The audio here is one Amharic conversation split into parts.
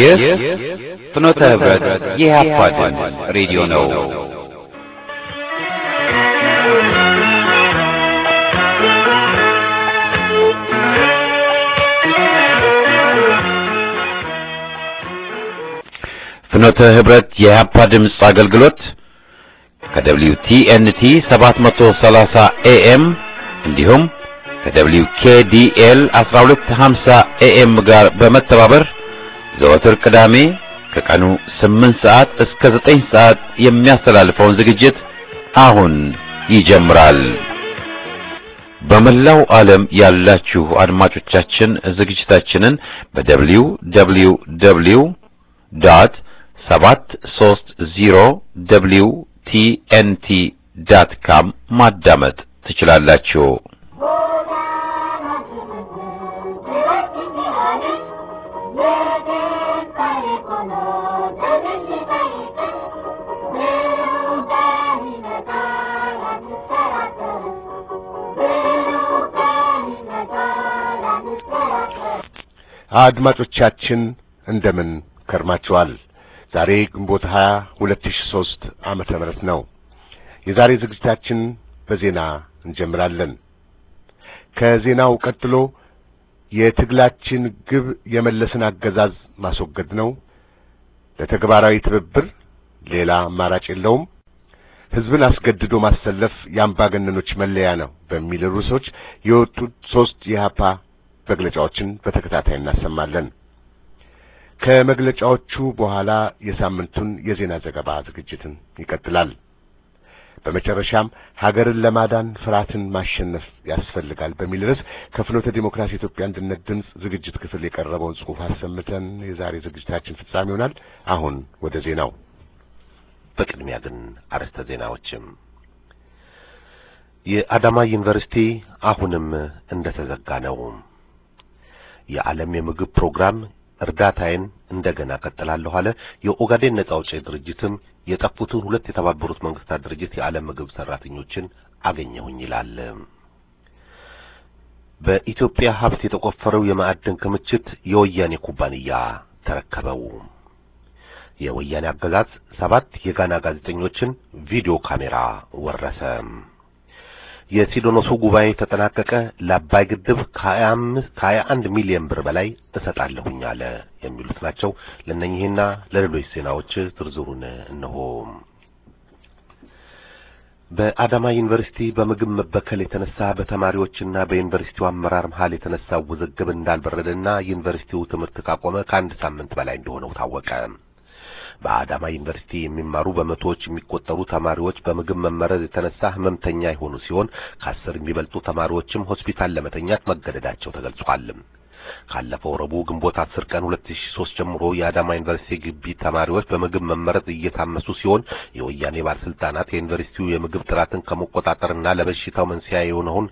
ይህ ፍኖተ ህብረት የኢህአፓ ድምፅ ሬዲዮ ነው። ፍኖተ ህብረት የኢህአፓ ድምፅ አገልግሎት ከደብሊው ቲኤንቲ 730 ኤኤም እንዲሁም ከደብሊው ኬዲኤል 1250 ኤኤም ጋር በመተባበር ዘወትር ቅዳሜ ከቀኑ ስምንት ሰዓት እስከ ዘጠኝ ሰዓት የሚያስተላልፈውን ዝግጅት አሁን ይጀምራል። በመላው ዓለም ያላችሁ አድማጮቻችን ዝግጅታችንን በደብሊው ደብሊው ደብሊው ዶት ሰባት ሶስት ዜሮ ደብሊው ቲኤንቲ ዳት ካም ማዳመጥ ትችላላችሁ። አድማጮቻችን እንደምን ከርማችኋል? ዛሬ ግንቦት 20 2003 ዓመተ ምህረት ነው። የዛሬ ዝግጅታችን በዜና እንጀምራለን። ከዜናው ቀጥሎ የትግላችን ግብ የመለስን አገዛዝ ማስወገድ ነው። ለተግባራዊ ትብብር ሌላ አማራጭ የለውም። ህዝብን አስገድዶ ማሰለፍ የአምባገነኖች መለያ ነው በሚል ርዕሶች የወጡት ሶስት የሃፓ መግለጫዎችን በተከታታይ እናሰማለን። ከመግለጫዎቹ በኋላ የሳምንቱን የዜና ዘገባ ዝግጅትን ይቀጥላል። በመጨረሻም ሀገርን ለማዳን ፍርሃትን ማሸነፍ ያስፈልጋል በሚል ርዕስ ከፍኖተ ዲሞክራሲ ኢትዮጵያ አንድነት ድምፅ ዝግጅት ክፍል የቀረበውን ጽሑፍ አሰምተን የዛሬ ዝግጅታችን ፍጻሜ ይሆናል። አሁን ወደ ዜናው። በቅድሚያ ግን አርዕስተ ዜናዎችም የአዳማ ዩኒቨርሲቲ አሁንም እንደተዘጋ ነው። የዓለም የምግብ ፕሮግራም እርዳታዬን እንደገና ቀጥላለሁ አለ። የኦጋዴን ነጻ አውጪ ድርጅትም የጠፉትን ሁለት የተባበሩት መንግስታት ድርጅት የዓለም ምግብ ሰራተኞችን አገኘሁኝ ይላል። በኢትዮጵያ ሀብት የተቆፈረው የማዕድን ክምችት የወያኔ ኩባንያ ተረከበው። የወያኔ አገዛዝ ሰባት የጋና ጋዜጠኞችን ቪዲዮ ካሜራ ወረሰ። የሲኖዶሱ ጉባኤ ተጠናቀቀ። ለአባይ ግድብ ከ21 ሚሊዮን ብር በላይ እሰጣለሁኝ አለ። የሚሉት ናቸው። ለነኚህና ለሌሎች ዜናዎች ዝርዝሩን እነሆ። በአዳማ ዩኒቨርሲቲ በምግብ መበከል የተነሳ በተማሪዎችና በዩኒቨርሲቲው አመራር መሀል የተነሳው ውዝግብ እንዳልበረደና ዩኒቨርሲቲው ትምህርት ካቆመ ከአንድ ሳምንት በላይ እንደሆነው ታወቀ። በአዳማ ዩኒቨርሲቲ የሚማሩ በመቶዎች የሚቆጠሩ ተማሪዎች በምግብ መመረዝ የተነሳ ህመምተኛ የሆኑ ሲሆን ከአስር የሚበልጡ ተማሪዎችም ሆስፒታል ለመተኛት መገደዳቸው ተገልጿል። ካለፈው ረቡዕ ግንቦት 10 ቀን 2003 ጀምሮ የአዳማ ዩኒቨርሲቲ ግቢ ተማሪዎች በምግብ መመረጥ እየታመሱ ሲሆን የወያኔ ባለስልጣናት የዩኒቨርሲቲው የምግብ ጥራትን ከመቆጣጠርና ለበሽታው መንስኤ የሆነውን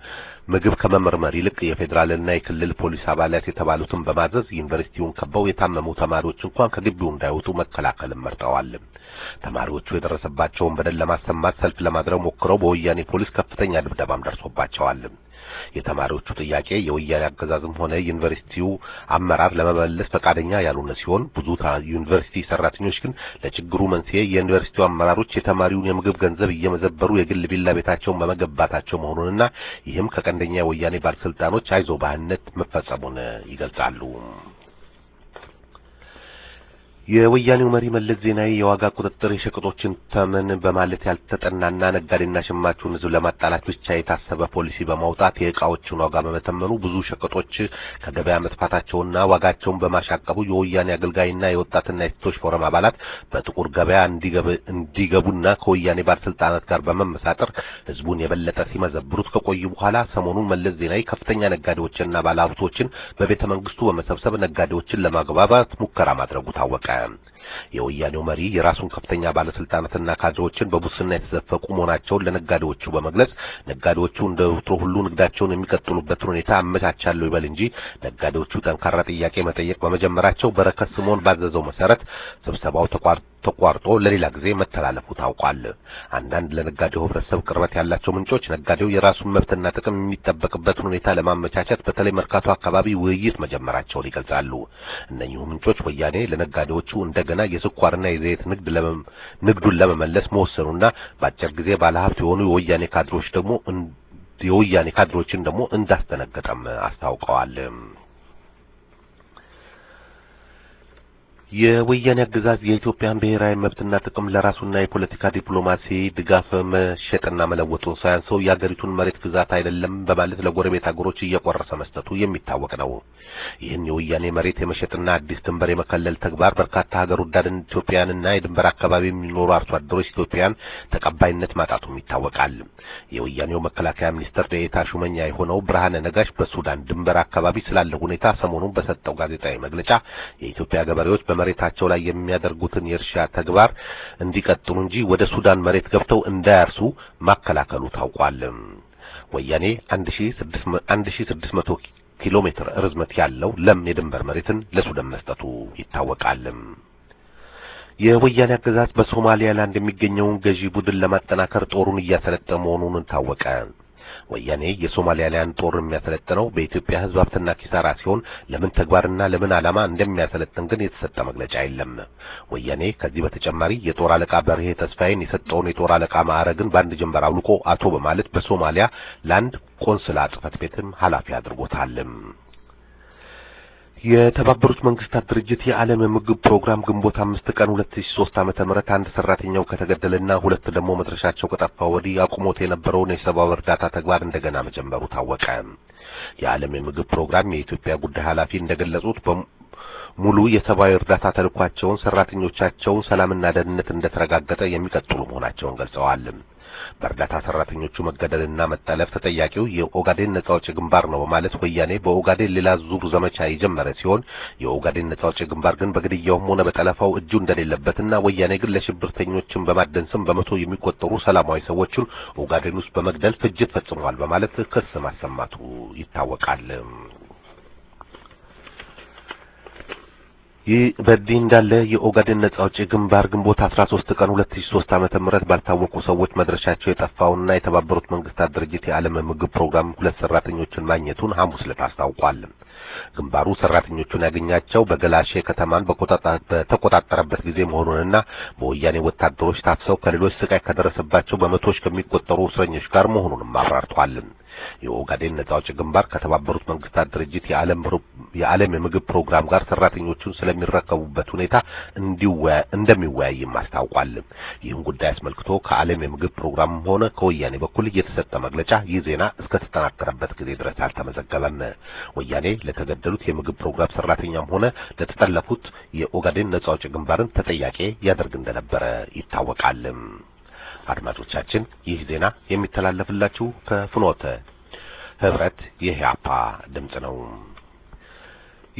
ምግብ ከመመርመር ይልቅ የፌዴራልና የክልል ፖሊስ አባላት የተባሉትን በማዘዝ ዩኒቨርሲቲውን ከበው የታመሙ ተማሪዎች እንኳን ከግቢው እንዳይወጡ መከላከልን መርጠዋል። ተማሪዎቹ የደረሰባቸውን በደል ለማሰማት ሰልፍ ለማድረግ ሞክረው በወያኔ ፖሊስ ከፍተኛ ድብደባም ደርሶባቸዋል። የተማሪዎቹ ጥያቄ የወያኔ አገዛዝም ሆነ ዩኒቨርሲቲው አመራር ለመመለስ ፈቃደኛ ያልሆነ ሲሆን ብዙ ዩኒቨርሲቲ ሰራተኞች ግን ለችግሩ መንስኤ የዩኒቨርሲቲው አመራሮች የተማሪውን የምግብ ገንዘብ እየመዘበሩ የግል ቪላ ቤታቸውን በመገንባታቸው መሆኑንና ይህም ከቀንደኛ የወያኔ ባለስልጣኖች አይዞ ባህነት መፈጸሙን ይገልጻሉ። የወያኔው መሪ መለስ ዜናዊ የዋጋ ቁጥጥር የሸቀጦችን ተመን በማለት ያልተጠናና ነጋዴና ሸማቹን ሕዝብ ለማጣላት ብቻ የታሰበ ፖሊሲ በማውጣት የእቃዎችን ዋጋ በመተመኑ ብዙ ሸቀጦች ከገበያ መጥፋታቸውና ዋጋቸውን በማሻቀቡ የወያኔ አገልጋይና የወጣትና የሴቶች ፎረም አባላት በጥቁር ገበያ እንዲገቡና ከወያኔ ባለስልጣናት ጋር በመመሳጠር ህዝቡን የበለጠ ሲመዘብሩት ከቆዩ በኋላ ሰሞኑን መለስ ዜናዊ ከፍተኛ ነጋዴዎችና ባለሀብቶችን በቤተ መንግስቱ በመሰብሰብ ነጋዴዎችን ለማግባባት ሙከራ ማድረጉ ታወቀ። የወያኔው መሪ የራሱን ከፍተኛ ባለስልጣናትና ካድሬዎችን በሙስና የተዘፈቁ መሆናቸውን ለነጋዴዎቹ በመግለጽ ነጋዴዎቹ እንደ ወትሮ ሁሉ ንግዳቸውን የሚቀጥሉበትን ሁኔታ አመቻቻለሁ ይበል እንጂ ነጋዴዎቹ ጠንካራ ጥያቄ መጠየቅ በመጀመራቸው በረከት ስምኦን ባዘዘው መሰረት ስብሰባው ተቋርጦ ተቋርጦ ለሌላ ጊዜ መተላለፉ ታውቋል። አንዳንድ ለነጋዴው ህብረተሰብ ቅርበት ያላቸው ምንጮች ነጋዴው የራሱን መብትና ጥቅም የሚጠበቅበትን ሁኔታ ለማመቻቸት በተለይ መርካቶ አካባቢ ውይይት መጀመራቸውን ይገልጻሉ። እነኚሁ ምንጮች ወያኔ ለነጋዴዎቹ እንደገና የስኳርና የዘይት ንግድ ንግዱን ለመመለስ መወሰኑና በአጭር ጊዜ ባለሀብት የሆኑ የወያኔ ካድሮች ደግሞ የወያኔ ካድሮችን ደግሞ እንዳስደነገጠም አስታውቀዋል። የወያኔ አገዛዝ የኢትዮጵያን ብሔራዊ መብትና ጥቅም ለራሱና የፖለቲካ ዲፕሎማሲ ድጋፍ መሸጥና መለወጡን ሳያንሰው የአገሪቱን መሬት ግዛት አይደለም በማለት ለጎረቤት አገሮች እየቆረሰ መስጠቱ የሚታወቅ ነው። ይህን የወያኔ መሬት የመሸጥና አዲስ ድንበር የመከለል ተግባር በርካታ ሀገር ወዳድን ኢትዮጵያንና የድንበር አካባቢ የሚኖሩ አርሶ አደሮች ኢትዮጵያን ተቀባይነት ማጣቱም ይታወቃል። የወያኔው መከላከያ ሚኒስትር ደኤታ ሹመኛ የሆነው ብርሃነ ነጋሽ በሱዳን ድንበር አካባቢ ስላለ ሁኔታ ሰሞኑን በሰጠው ጋዜጣዊ መግለጫ የኢትዮጵያ ገበሬዎች በመሬታቸው ላይ የሚያደርጉትን የእርሻ ተግባር እንዲቀጥሉ እንጂ ወደ ሱዳን መሬት ገብተው እንዳያርሱ ማከላከሉ ታውቋል። ወያኔ 1600 ኪሎ ሜትር ርዝመት ያለው ለም የድንበር መሬትን ለሱዳን መስጠቱ ይታወቃል። የወያኔ አገዛዝ በሶማሊያ ላንድ የሚገኘውን ገዢ ቡድን ለማጠናከር ጦሩን እያሰለጠነ መሆኑን ታወቀ። ወያኔ የሶማሊያውያን ጦር የሚያሰለጥነው በኢትዮጵያ ህዝብ ሀብትና ኪሳራ ሲሆን ለምን ተግባርና ለምን ዓላማ እንደሚያሰለጥን ግን የተሰጠ መግለጫ የለም። ወያኔ ከዚህ በተጨማሪ የጦር አለቃ በርሄ ተስፋዬን የሰጠውን የጦር አለቃ ማዕረግን በአንድ ጀንበር አውልቆ አቶ በማለት በሶማሊያ ላንድ ቆንስላ ጽሕፈት ቤትም ኃላፊ አድርጎታል። የተባበሩት መንግስታት ድርጅት የዓለም ምግብ ፕሮግራም ግንቦት አምስት ቀን ሁለት ሺ ሶስት ዓመተ ምህረት አንድ ሰራተኛው ከተገደለና ሁለት ደግሞ መድረሻቸው ከጠፋ ወዲህ አቁሞት የነበረውን የሰብአዊ እርዳታ ተግባር እንደገና መጀመሩ ታወቀ። የዓለም የምግብ ፕሮግራም የኢትዮጵያ ጉዳይ ኃላፊ እንደገለጹት ሙሉ የሰብአዊ እርዳታ ተልኳቸውን ሰራተኞቻቸውን ሰላምና ደህንነት እንደተረጋገጠ የሚቀጥሉ መሆናቸውን ገልጸዋል። በእርዳታ ሰራተኞቹ መገደልና መጠለፍ ተጠያቂው የኦጋዴን ነጻ አውጪ ግንባር ነው በማለት ወያኔ በኦጋዴን ሌላ ዙር ዘመቻ የጀመረ ሲሆን የኦጋዴን ነጻ አውጪ ግንባር ግን በግድያውም ሆነ በጠለፋው እጁ እንደሌለበትና ወያኔ ግን ለሽብርተኞችን በማደን ስም በመቶ የሚቆጠሩ ሰላማዊ ሰዎችን ኦጋዴን ውስጥ በመግደል ፍጅት ፈጽሟል በማለት ክስ ማሰማቱ ይታወቃል። ይህ በእንዲህ እንዳለ የኦጋዴን ነጻ አውጪ ግንባር ግንቦት 13 ቀን 2003 ዓ.ም ባልታወቁ ሰዎች መድረሻቸው የጠፋውና የተባበሩት መንግስታት ድርጅት የዓለም ምግብ ፕሮግራም ሁለት ሰራተኞችን ማግኘቱን ሐሙስ ዕለት አስታውቋል። ግንባሩ ሰራተኞቹን ያገኛቸው በገላሼ ከተማን በተቆጣጠረበት ጊዜ መሆኑንና በወያኔ ወታደሮች ታፍሰው ከሌሎች ስቃይ ከደረሰባቸው በመቶዎች ከሚቆጠሩ እስረኞች ጋር መሆኑንም አብራርተዋል። የኦጋዴን ነጻ አውጪ ግንባር ከተባበሩት መንግስታት ድርጅት የዓለም የምግብ ፕሮግራም ጋር ሰራተኞቹን ስለሚረከቡበት ሁኔታ እንደሚወያይም አስታውቋል። ይህን ጉዳይ አስመልክቶ ከዓለም የምግብ ፕሮግራምም ሆነ ከወያኔ በኩል እየተሰጠ መግለጫ ይህ ዜና እስከተጠናከረበት ጊዜ ድረስ አልተመዘገበም። ወያኔ ለተገደሉት የምግብ ፕሮግራም ሰራተኛም ሆነ ለተጠለፉት የኦጋዴን ነጻ አውጪ ግንባርን ተጠያቂ ያደርግ እንደነበረ ይታወቃል። አድማጮቻችን፣ ይህ ዜና የሚተላለፍላችሁ ከፍኖተ ህብረት የኢህአፓ ድምጽ ነው።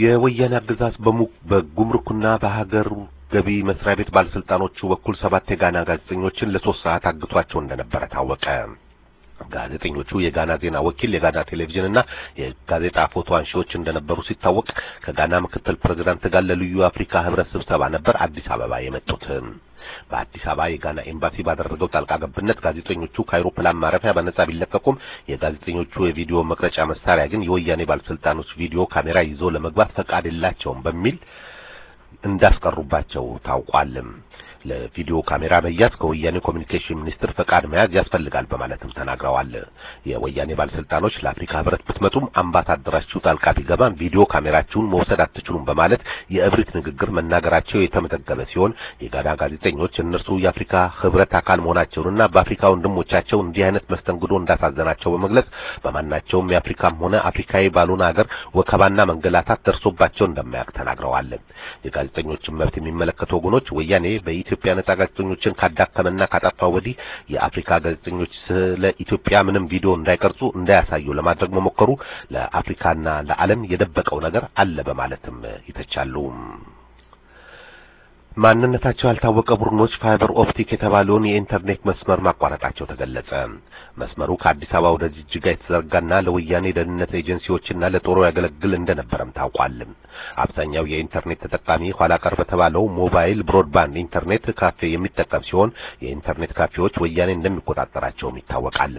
የወያኔ አገዛዝ በጉምሩክና በሀገር ገቢ መስሪያ ቤት ባለስልጣኖቹ በኩል ሰባት የጋና ጋዜጠኞችን ለሶስት ሰዓት አግቷቸው እንደነበረ ታወቀ። ጋዜጠኞቹ የጋና ዜና ወኪል፣ የጋና ቴሌቪዥን እና የጋዜጣ ፎቶ አንሺዎች እንደነበሩ ሲታወቅ ከጋና ምክትል ፕሬዚዳንት ጋር ለልዩ አፍሪካ ህብረት ስብሰባ ነበር አዲስ አበባ የመጡት። በአዲስ አበባ የጋና ኤምባሲ ባደረገው ጣልቃ ገብነት ጋዜጠኞቹ ከአይሮፕላን ማረፊያ በነጻ ቢለቀቁም የጋዜጠኞቹ የቪዲዮ መቅረጫ መሳሪያ ግን የወያኔ ባለስልጣኖች ቪዲዮ ካሜራ ይዞ ለመግባት ፈቃድ የላቸውም በሚል እንዳስቀሩባቸው ታውቋልም። ለቪዲዮ ካሜራ መያዝ ከወያኔ ኮሚኒኬሽን ሚኒስቴር ፈቃድ መያዝ ያስፈልጋል በማለትም ተናግረዋል። የወያኔ ባለስልጣኖች ለአፍሪካ ህብረት ብትመጡም አምባሳደራችሁ ጣልቃ ቢገባም ቪዲዮ ካሜራችሁን መውሰድ አትችሉም በማለት የእብሪት ንግግር መናገራቸው የተመዘገበ ሲሆን የጋና ጋዜጠኞች እነርሱ የአፍሪካ ህብረት አካል መሆናቸውንና በአፍሪካ ወንድሞቻቸው እንዲህ አይነት መስተንግዶ እንዳሳዘናቸው በመግለጽ በማናቸውም የአፍሪካም ሆነ አፍሪካዊ ባልሆነ ሀገር ወከባና መንገላታት ደርሶባቸው እንደማያውቅ ተናግረዋል። የጋዜጠኞችን መብት የሚመለከቱ ወገኖች ወያኔ በ የኢትዮጵያ ነጻ ጋዜጠኞችን ካዳከመና ካጠፋ ወዲህ የአፍሪካ ጋዜጠኞች ስለ ኢትዮጵያ ምንም ቪዲዮ እንዳይቀርጹ እንዳያሳዩ ለማድረግ መሞከሩ ለአፍሪካና ለዓለም የደበቀው ነገር አለ በማለትም ይተቻሉ። ማንነታቸው ያልታወቀ ቡድኖች ፋይበር ኦፕቲክ የተባለውን የኢንተርኔት መስመር ማቋረጣቸው ተገለጸ። መስመሩ ከአዲስ አበባ ወደ ጅጅጋ የተዘረጋና ለወያኔ ደህንነት ኤጀንሲዎችና ለጦሩ ያገለግል እንደነበረም ታውቋል። አብዛኛው የኢንተርኔት ተጠቃሚ ኋላ ቀር በተባለው ሞባይል ብሮድባንድ ኢንተርኔት ካፌ የሚጠቀም ሲሆን የኢንተርኔት ካፌዎች ወያኔ እንደሚቆጣጠራቸውም ይታወቃል።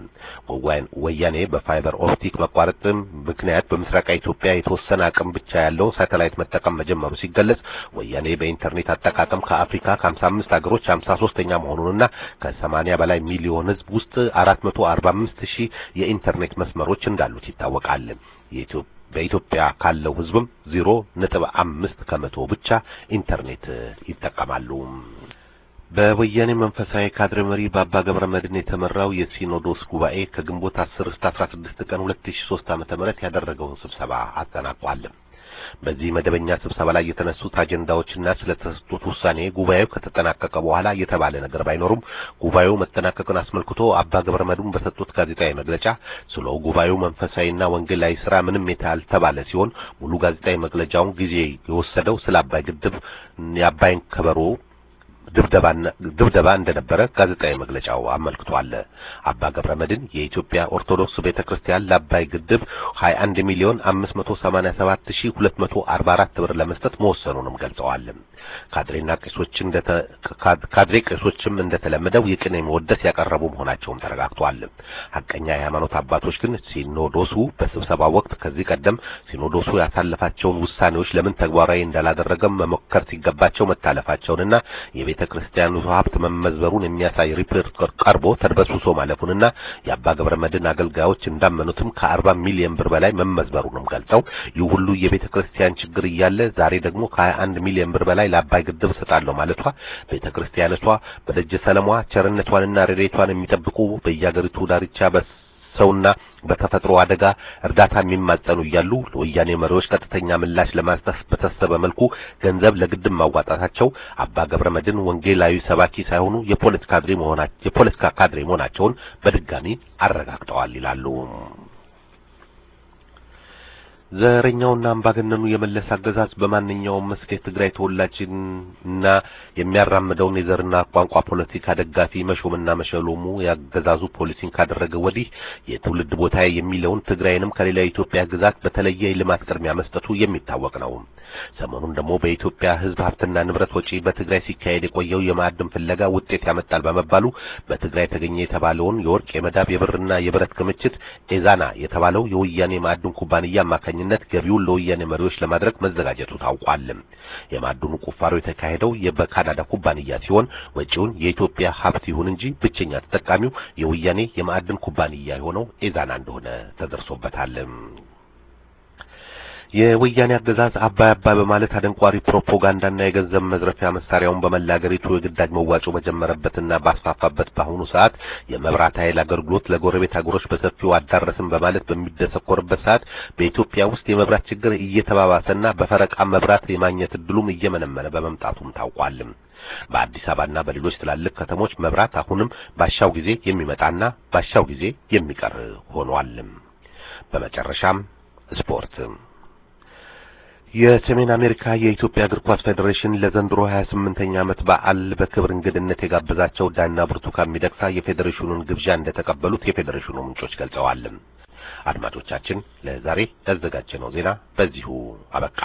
ወያኔ በፋይበር ኦፕቲክ መቋረጥ ምክንያት በምስራቅ ኢትዮጵያ የተወሰነ አቅም ብቻ ያለው ሳተላይት መጠቀም መጀመሩ ሲገለጽ ወያኔ በኢንተርኔት አጠቃቀም አጠቃቀም ከአፍሪካ ከ55 ሀገሮች 53 ኛ መሆኑንና ከ80 በላይ ሚሊዮን ህዝብ ውስጥ 445 ሺህ የኢንተርኔት መስመሮች እንዳሉት ይታወቃል። በኢትዮጵያ ካለው ህዝብም ዜሮ ነጥብ አምስት ከመቶ ብቻ ኢንተርኔት ይጠቀማሉ። በወያኔ መንፈሳዊ ካድሬ መሪ በአባ ገብረ መድን የተመራው የሲኖዶስ ጉባኤ ከግንቦት 10 እስከ 16 ቀን 2003 ዓ.ም ያደረገውን ስብሰባ አጠናቋል። በዚህ መደበኛ ስብሰባ ላይ የተነሱት አጀንዳዎችና ስለተሰጡት ውሳኔ ጉባኤው ከተጠናቀቀ በኋላ የተባለ ነገር ባይኖርም ጉባኤው መጠናቀቅን አስመልክቶ አባ ገብረ መድኅን በሰጡት ጋዜጣዊ መግለጫ ስለ ጉባኤው መንፈሳዊና ወንጌላዊ ስራ ምንም ያልተባለ ሲሆን ሙሉ ጋዜጣዊ መግለጫውን ጊዜ የወሰደው ስለ አባይ ግድብ የአባይን ከበሮ ድብደባ እንደነበረ ጋዜጣዊ መግለጫው አመልክቷል። አባ ገብረ መድን የኢትዮጵያ ኦርቶዶክስ ቤተ ክርስቲያን ለአባይ ግድብ 21 ሚሊዮን 587244 ብር ለመስጠት መወሰኑንም ገልጸዋል። ካድሬና ቄሶች ካድሬ ቄሶችም እንደተለመደው የቅኔ መወደስ ያቀረቡ መሆናቸውም ተረጋግቷል። ሀቀኛ የሃይማኖት አባቶች ግን ሲኖዶሱ በስብሰባ ወቅት ከዚህ ቀደም ሲኖዶሱ ያሳለፋቸውን ውሳኔዎች ለምን ተግባራዊ እንዳላደረገም መሞከር ሲገባቸው መታለፋቸውንና የቤተ የቤተ ክርስቲያኑ ሀብት መመዝበሩን የሚያሳይ ሪፖርት ቀርቦ ተድበስብሶ ማለፉንና የአባ ገብረ መድን አገልጋዮች እንዳመኑትም ከ40 ሚሊዮን ብር በላይ መመዝበሩንም ገልጸው ይህ ሁሉ የቤተ ክርስቲያን ችግር እያለ ዛሬ ደግሞ ከ21 ሚሊዮን ብር በላይ ለአባይ ግድብ ሰጣለሁ ማለቷ ቤተ ክርስቲያኗ በደጀ ሰለሟ ቸርነቷንና ረድኤቷን የሚጠብቁ በየአገሪቱ ዳርቻ በሰውና በተፈጥሮ አደጋ እርዳታ የሚማጸኑ እያሉ ለወያኔ መሪዎች ቀጥተኛ ምላሽ ለማስጠፍ በተሰበ መልኩ ገንዘብ ለግድም ማዋጣታቸው አባ ገብረ መድን ወንጌላዊ ሰባኪ ሳይሆኑ የፖለቲካ ካድሬ መሆናቸውን በድጋሚ አረጋግጠዋል ይላሉ። ዘረኛውና አምባገነኑ የመለስ አገዛዝ በማንኛውም መስክ የትግራይ ተወላጅና የሚያራምደውን የዘርና ቋንቋ ፖለቲካ ደጋፊ መሾምና መሸሎሙ ያገዛዙ ፖሊሲን ካደረገ ወዲህ የትውልድ ቦታ የሚለውን ትግራይንም ከሌላ የኢትዮጵያ ግዛት በተለየ ልማት ቅድሚያ መስጠቱ የሚታወቅ ነው። ሰሞኑን ደግሞ በኢትዮጵያ ሕዝብ ሀብትና ንብረት ወጪ በትግራይ ሲካሄድ የቆየው የማዕድን ፍለጋ ውጤት ያመጣል በመባሉ በትግራይ ተገኘ የተባለውን የወርቅ፣ የመዳብ፣ የብርና የብረት ክምችት ኤዛና የተባለው የወያኔ ማዕድን ኩባንያ አማካኝ አማካኝነት ገቢውን ለወያኔ መሪዎች ለማድረግ መዘጋጀቱ ታውቋል። የማዕድኑ ቁፋሮ የተካሄደው በካናዳ ኩባንያ ሲሆን ወጪውን የኢትዮጵያ ሀብት ይሁን እንጂ ብቸኛ ተጠቃሚው የወያኔ የማዕድን ኩባንያ የሆነው ኤዛና እንደሆነ ተደርሶበታል። የወያኔ አገዛዝ አባይ አባይ በማለት አደንቋሪ ፕሮፓጋንዳና የገንዘብ መዝረፊያ መሳሪያውን በመላገሪቱ የግዳጅ መዋጮ በጀመረበትና ባስፋፋበት በአሁኑ ሰዓት የመብራት ኃይል አገልግሎት ለጎረቤት አገሮች በሰፊው አዳረስም በማለት በሚደሰኮርበት ሰዓት በኢትዮጵያ ውስጥ የመብራት ችግር እየተባባሰና በፈረቃ መብራት የማግኘት እድሉም እየመነመነ በመምጣቱም ታውቋል። በአዲስ አበባና በሌሎች ትላልቅ ከተሞች መብራት አሁንም ባሻው ጊዜ የሚመጣና ባሻው ጊዜ የሚቀር ሆኗል። በመጨረሻም ስፖርት የሰሜን አሜሪካ የኢትዮጵያ እግር ኳስ ፌዴሬሽን ለዘንድሮ 28ኛ ዓመት በዓል በክብር እንግድነት የጋበዛቸው ዳና ብርቱካን ሚደቅሳ የፌዴሬሽኑን ግብዣ እንደተቀበሉት የፌዴሬሽኑ ምንጮች ገልጸዋል። አድማጮቻችን፣ ለዛሬ ያዘጋጀነው ዜና በዚሁ አበቃ።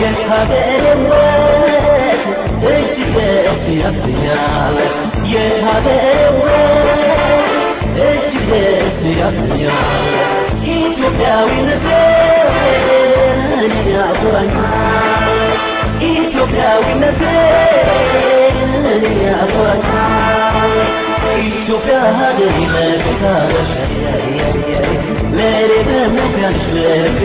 የሀገርወት እጅ ደስ ያሰኛል የሀገርወት እጅ ደስ ያሰኛል ኢትዮጵያዊነትን ያኮራኛል ኢትዮጵያዊነትን ያኮራኛል ኢትዮጵያ ሀገሬ መቤታለሽ ለሬ በመጋሽ ለቤ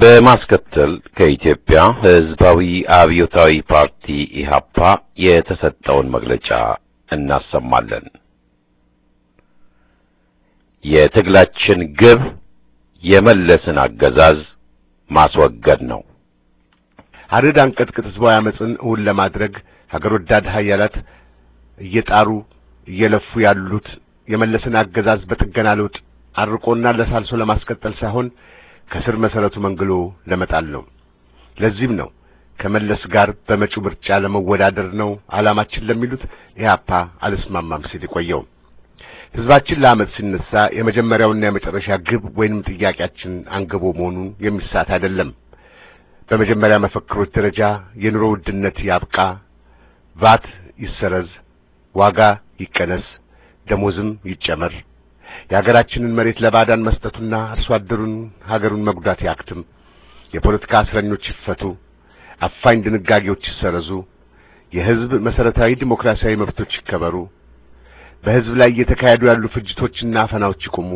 በማስከተል ከኢትዮጵያ ህዝባዊ አብዮታዊ ፓርቲ ኢህአፓ የተሰጠውን መግለጫ እናሰማለን። የትግላችን ግብ የመለስን አገዛዝ ማስወገድ ነው። ሀዲድ አንቀጥቅጥ ህዝባዊ አመፅን እውን ለማድረግ ሀገር ወዳድ ኃያላት እየጣሩ እየለፉ ያሉት የመለስን አገዛዝ በጥገና ለውጥ አርቆና ለሳልሶ ለማስቀጠል ሳይሆን ከስር መሰረቱ መንግሎ ለመጣል ነው። ለዚህም ነው ከመለስ ጋር በመጪው ምርጫ ለመወዳደር ነው አላማችን ለሚሉት ኢህአፓ አልስማማም ሲል የቆየው። ህዝባችን ለአመት ሲነሳ የመጀመሪያውና የመጨረሻ ግብ ወይንም ጥያቄያችን አንግቦ መሆኑን የሚሳት አይደለም። በመጀመሪያ መፈክሮች ደረጃ የኑሮ ውድነት ያብቃ፣ ቫት ይሰረዝ፣ ዋጋ ይቀነስ፣ ደሞዝም ይጨመር የሀገራችንን መሬት ለባዳን መስጠቱና አርሶ አደሩን ሀገሩን መጉዳት ያክትም። የፖለቲካ እስረኞች ይፈቱ፣ አፋኝ ድንጋጌዎች ይሰረዙ፣ የህዝብ መሠረታዊ ዲሞክራሲያዊ መብቶች ይከበሩ፣ በህዝብ ላይ እየተካሄዱ ያሉ ፍጅቶችና አፈናዎች ይቁሙ፣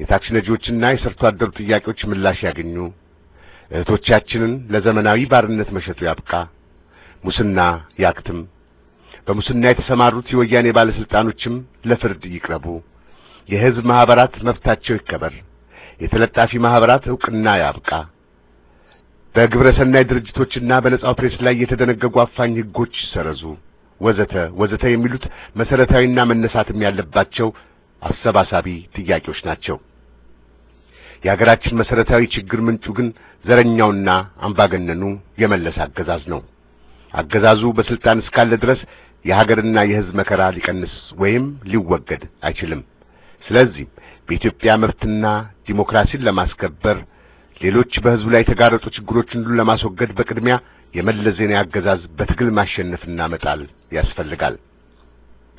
የታክሲ ነጂዎችና የሰርቶ አደሩ ጥያቄዎች ምላሽ ያገኙ፣ እህቶቻችንን ለዘመናዊ ባርነት መሸጡ ያብቃ፣ ሙስና ያክትም፣ በሙስና የተሰማሩት የወያኔ ባለሥልጣኖችም ለፍርድ ይቅረቡ። የህዝብ ማህበራት መብታቸው ይከበር። የተለጣፊ ማህበራት ዕውቅና ያብቃ። በግብረ ሰናይ ድርጅቶችና በነጻው ፕሬስ ላይ የተደነገጉ አፋኝ ህጎች ይሰረዙ፣ ወዘተ ወዘተ የሚሉት መሠረታዊና መነሳትም ያለባቸው አሰባሳቢ ጥያቄዎች ናቸው። የሀገራችን መሠረታዊ ችግር ምንጩ ግን ዘረኛውና አምባገነኑ የመለስ አገዛዝ ነው። አገዛዙ በስልጣን እስካለ ድረስ የሀገርና የሕዝብ መከራ ሊቀንስ ወይም ሊወገድ አይችልም። ስለዚህ በኢትዮጵያ መብትና ዲሞክራሲን ለማስከበር ሌሎች በህዝቡ ላይ የተጋረጡ ችግሮችን ሁሉ ለማስወገድ በቅድሚያ የመለስ ዜናዊ አገዛዝ በትግል ማሸነፍና መጣል ያስፈልጋል።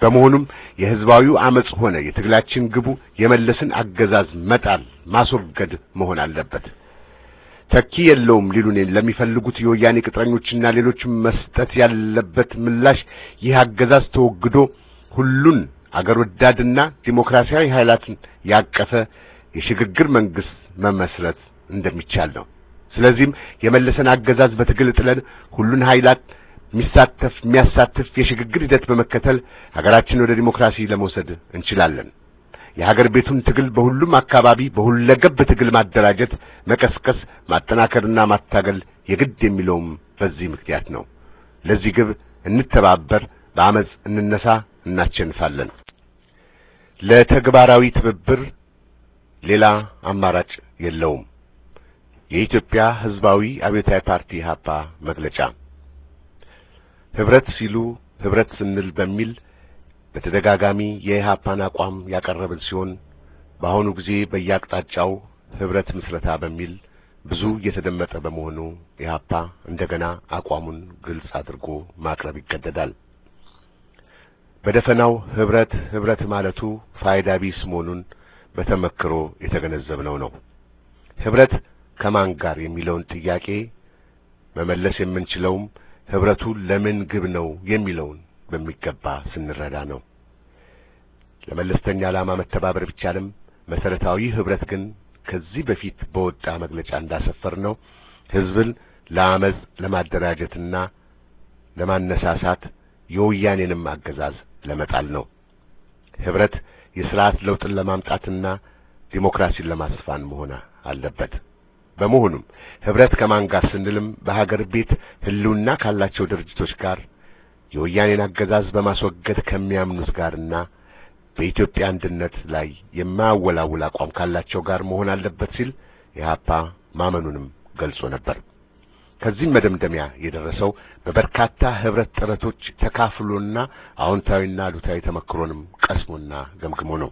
በመሆኑም የህዝባዊው አመጽ ሆነ የትግላችን ግቡ የመለስን አገዛዝ መጣል ማስወገድ መሆን አለበት። ተኪ የለውም ሊሉን ለሚፈልጉት የወያኔ ቅጥረኞችና ሌሎች መስጠት ያለበት ምላሽ ይህ አገዛዝ ተወግዶ ሁሉን አገር ወዳድና ዲሞክራሲያዊ ኃይላትን ያቀፈ የሽግግር መንግስት መመስረት እንደሚቻል ነው። ስለዚህም የመለሰን አገዛዝ በትግል ጥለን ሁሉን ኃይላት የሚሳተፍ የሚያሳትፍ የሽግግር ሂደት በመከተል ሀገራችን ወደ ዲሞክራሲ ለመውሰድ እንችላለን። የሀገር ቤቱን ትግል በሁሉም አካባቢ በሁለገብ ትግል ማደራጀት፣ መቀስቀስ፣ ማጠናከርና ማታገል የግድ የሚለውም በዚህ ምክንያት ነው። ለዚህ ግብ እንተባበር፣ በአመፅ እንነሳ፣ እናቸንፋለን። ለተግባራዊ ትብብር ሌላ አማራጭ የለውም። የኢትዮጵያ ሕዝባዊ አብዮታዊ ፓርቲ ኢሕአፓ መግለጫ ህብረት ሲሉ ህብረት ስንል በሚል በተደጋጋሚ የኢሕአፓን አቋም ያቀረብን ሲሆን በአሁኑ ጊዜ በየአቅጣጫው ህብረት ምስረታ በሚል ብዙ እየተደመጠ በመሆኑ ኢሕአፓ እንደገና አቋሙን ግልጽ አድርጎ ማቅረብ ይገደዳል። በደፈናው ህብረት ህብረት ማለቱ ፋይዳ ቢስ መሆኑን በተመክሮ የተገነዘብነው ነው። ህብረት ከማን ጋር የሚለውን ጥያቄ መመለስ የምንችለውም ህብረቱ ለምን ግብ ነው የሚለውን በሚገባ ስንረዳ ነው። ለመለስተኛ ዓላማ መተባበር ቢቻልም መሰረታዊ ህብረት ግን ከዚህ በፊት በወጣ መግለጫ እንዳሰፈር ነው ህዝብን ለአመፅ ለማደራጀትና ለማነሳሳት የወያኔንም አገዛዝ ለመጣል ነው። ህብረት የስርዓት ለውጥን ለማምጣትና ዲሞክራሲን ለማስፋን መሆን አለበት። በመሆኑም ህብረት ከማን ጋር ስንልም በሀገር ቤት ህልውና ካላቸው ድርጅቶች ጋር የወያኔን አገዛዝ በማስወገድ ከሚያምኑት ጋርና በኢትዮጵያ አንድነት ላይ የማያወላውል አቋም ካላቸው ጋር መሆን አለበት ሲል ኢህአፓ ማመኑንም ገልጾ ነበር። ከዚህም መደምደሚያ የደረሰው በበርካታ ህብረት ጥረቶች ተካፍሎና አዎንታዊና አሉታዊ ተመክሮንም ቀስሞና ገምግሞ ነው።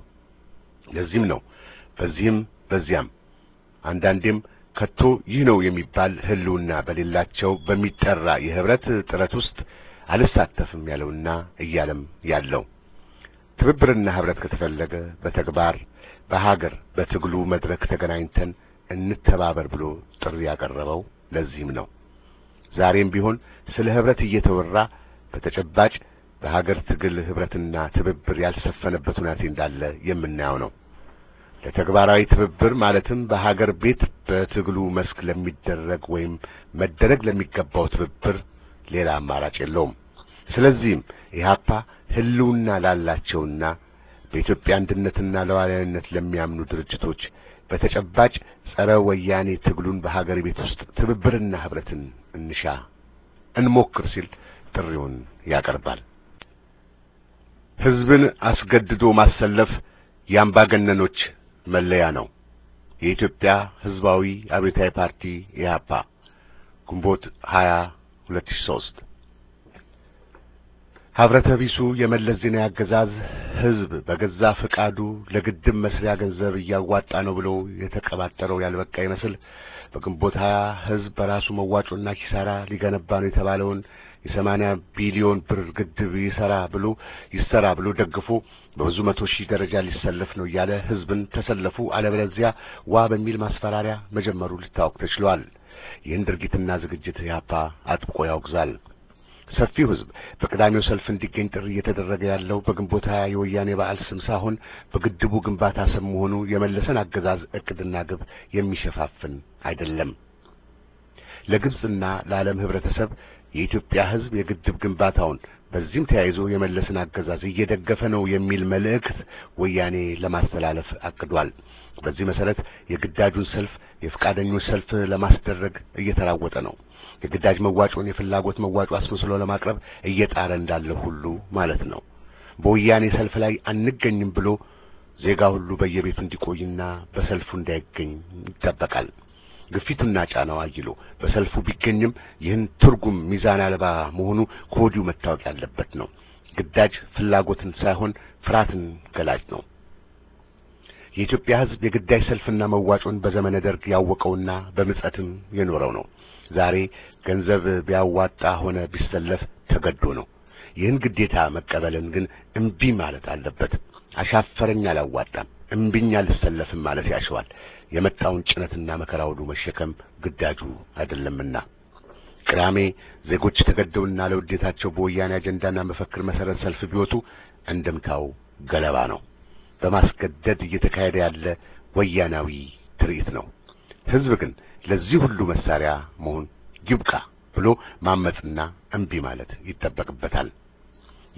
ለዚህም ነው በዚህም በዚያም አንዳንዴም ከቶ ይህ ነው የሚባል ህልውና በሌላቸው በሚጠራ የህብረት ጥረት ውስጥ አልሳተፍም ያለውና እያለም ያለው። ትብብርና ህብረት ከተፈለገ በተግባር በሀገር በትግሉ መድረክ ተገናኝተን እንተባበር ብሎ ጥሪ ያቀረበው ለዚህም ነው። ዛሬም ቢሆን ስለ ህብረት እየተወራ በተጨባጭ በሀገር ትግል ህብረትና ትብብር ያልሰፈነበት ሁናቴ እንዳለ የምናየው ነው። ለተግባራዊ ትብብር ማለትም በሀገር ቤት በትግሉ መስክ ለሚደረግ ወይም መደረግ ለሚገባው ትብብር ሌላ አማራጭ የለውም። ስለዚህም ኢህአፓ ህልውና ላላቸውና በኢትዮጵያ አንድነትና ለዋላዊነት ለሚያምኑ ድርጅቶች በተጨባጭ ጸረ ወያኔ ትግሉን በሀገር ቤት ውስጥ ትብብርና ህብረትን እንሻ፣ እንሞክር ሲል ጥሪውን ያቀርባል። ህዝብን አስገድዶ ማሰለፍ የአምባገነኖች መለያ ነው። የኢትዮጵያ ህዝባዊ አብዮታዊ ፓርቲ ኢህአፓ ግንቦት 20 2003 ሀብረተ ቢሱ የመለስ ዜናዊ አገዛዝ ህዝብ በገዛ ፈቃዱ ለግድብ መስሪያ ገንዘብ እያዋጣ ነው ብሎ የተቀባጠረው ያልበቃ ይመስል በግንቦት ሀያ ህዝብ በራሱ መዋጮና ኪሳራ ሊገነባ ነው የተባለውን የሰማንያ ቢሊዮን ብር ግድብ ይሰራ ብሎ ይሰራ ብሎ ደግፎ በብዙ መቶ ሺህ ደረጃ ሊሰለፍ ነው እያለ ህዝብን ተሰለፉ፣ አለበለዚያ ዋ በሚል ማስፈራሪያ መጀመሩ ሊታወቅ ተችሏል። ይህን ድርጊትና ዝግጅት ኢህአፓ አጥብቆ ያወግዛል። ሰፊው ህዝብ በቅዳሜው ሰልፍ እንዲገኝ ጥሪ እየተደረገ ያለው በግንቦት ሀያ የወያኔ በዓል ስም ሳይሆን በግድቡ ግንባታ ስም መሆኑ የመለሰን አገዛዝ እቅድና ግብ የሚሸፋፍን አይደለም። ለግብፅና ለዓለም ህብረተሰብ የኢትዮጵያ ህዝብ የግድብ ግንባታውን በዚህም ተያይዞ የመለስን አገዛዝ እየደገፈ ነው የሚል መልእክት ወያኔ ለማስተላለፍ አቅዷል። በዚህ መሰረት የግዳጁን ሰልፍ የፈቃደኞች ሰልፍ ለማስደረግ እየተራወጠ ነው። የግዳጅ መዋጮን የፍላጎት መዋጮ አስመስሎ ለማቅረብ እየጣረ እንዳለ ሁሉ ማለት ነው። በወያኔ ሰልፍ ላይ አንገኝም ብሎ ዜጋ ሁሉ በየቤቱ እንዲቆይና በሰልፉ እንዳይገኝ ይጠበቃል። ግፊቱና ጫናው አይሎ በሰልፉ ቢገኝም ይህን ትርጉም ሚዛን አልባ መሆኑ ከወዲሁ መታወቅ ያለበት ነው። ግዳጅ ፍላጎትን ሳይሆን ፍርሃትን ገላጭ ነው። የኢትዮጵያ ሕዝብ የግዳጅ ሰልፍና መዋጮን በዘመነ ደርግ ያወቀውና በምጸትም የኖረው ነው። ዛሬ ገንዘብ ቢያዋጣ ሆነ ቢሰለፍ ተገዶ ነው። ይህን ግዴታ መቀበልን ግን እምቢ ማለት አለበት። አሻፈረኝ፣ አላዋጣም፣ እምቢኝ፣ አልሰለፍም ማለት ያሸዋል። የመጣውን ጭነትና መከራ ሁሉ መሸከም ግዳጁ አይደለምና። ቅዳሜ ዜጎች ተገደውና ለውዴታቸው በወያኔ አጀንዳና መፈክር መሰረት ሰልፍ ቢወጡ እንደምታው ገለባ ነው። በማስገደድ እየተካሄደ ያለ ወያናዊ ትርኢት ነው። ህዝብ ግን ለዚህ ሁሉ መሳሪያ መሆን ይብቃ ብሎ ማመጽና እምቢ ማለት ይጠበቅበታል።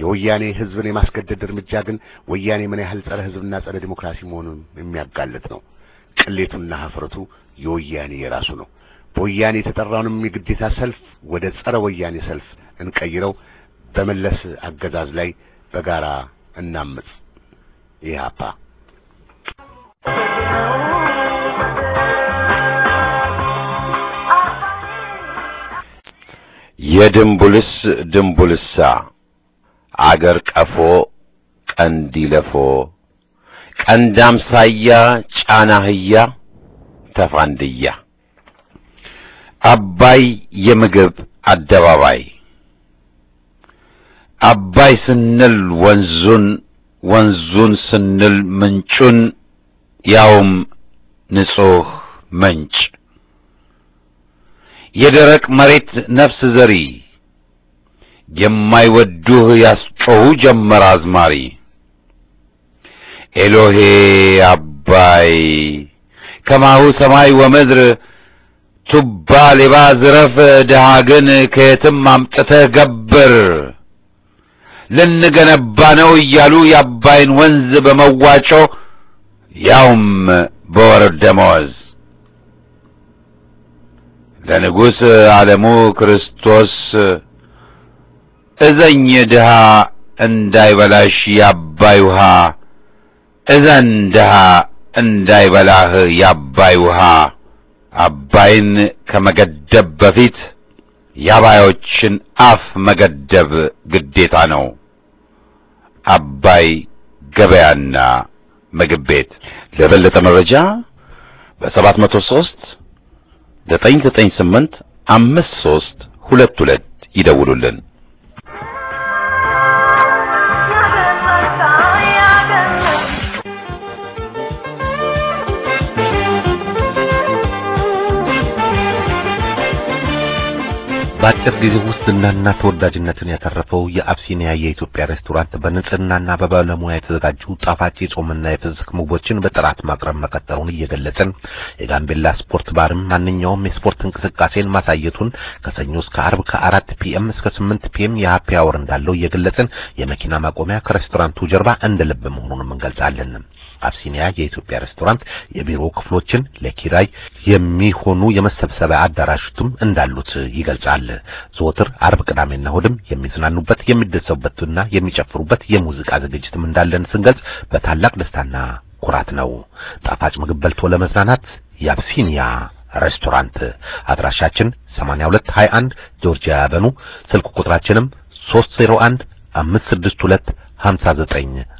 የወያኔ ህዝብን የማስገደድ እርምጃ ግን ወያኔ ምን ያህል ጸረ ህዝብና ጸረ ዲሞክራሲ መሆኑን የሚያጋልጥ ነው። ቅሌቱና ሀፍረቱ የወያኔ የራሱ ነው። በወያኔ የተጠራውንም የግዴታ ሰልፍ ወደ ጸረ ወያኔ ሰልፍ እንቀይረው። በመለስ አገዛዝ ላይ በጋራ እናምጽ። ኢህአፓ የድንቡልስ ድንቡልሳ አገር ቀፎ ቀንድ ቀንዲለፎ ቀንድ አምሳያ ጫና አህያ ተፋንድያ አባይ የምግብ አደባባይ አባይ ስንል ወንዙን ወንዙን ስንል ምንጩን ያውም ንጹሕ ምንጭ የደረቅ መሬት ነፍስ ዘሪ የማይወዱህ ያስጮሁ ጀመር አዝማሪ ኤሎሄ አባይ ከማሁ ሰማይ ወምድር ቱባ ሌባ ዝረፍ ድሃ ግን ከየትም አምጥተህ ገብር ልንገነባ ነው እያሉ የአባይን ወንዝ በመዋጮ ያውም በወር ደመወዝ ለንጉሥ ዓለሙ ክርስቶስ እዘኝ ድሃ እንዳይበላሽ የአባይ ውሃ እዘን ድሃ እንዳይበላህ የአባይ ውሃ አባይን ከመገደብ በፊት የአባዮችን አፍ መገደብ ግዴታ ነው። አባይ ገበያና ምግብ ቤት። ለበለጠ መረጃ በሰባት መቶ ሦስት ዘጠኝ ዘጠኝ ስምንት አምስት ሦስት ሁለት ሁለት ይደውሉልን በአጭር ጊዜ ውስጥ ዝናና ተወዳጅነትን ያተረፈው የአብሲኒያ የኢትዮጵያ ሬስቶራንት በንጽህናና በባለሙያ የተዘጋጁ ጣፋጭ የጾምና የፍስክ ምግቦችን በጥራት ማቅረብ መቀጠሉን እየገለጽን የጋምቤላ ስፖርት ባርም ማንኛውም የስፖርት እንቅስቃሴን ማሳየቱን ከሰኞ እስከ አርብ ከአራት ፒኤም እስከ ስምንት ፒኤም የሀፒ አወር እንዳለው እየገለጽን የመኪና ማቆሚያ ከሬስቶራንቱ ጀርባ እንደ ልብ መሆኑንም እንገልጻለን። አብሲኒያ የኢትዮጵያ ሬስቶራንት የቢሮ ክፍሎችን ለኪራይ የሚሆኑ የመሰብሰቢያ አዳራሾችም እንዳሉት ይገልጻል። ዘወትር አርብ፣ ቅዳሜና እሁድም የሚዝናኑበት የሚደሰቡበትና የሚጨፍሩበት የሙዚቃ ዝግጅትም እንዳለን ስንገልጽ በታላቅ ደስታና ኩራት ነው። ጣፋጭ ምግብ በልቶ ለመዝናናት የአብሲኒያ ሬስቶራንት አድራሻችን 8221 ጆርጂያ አቨኑ ስልክ ቁጥራችንም 301 562 59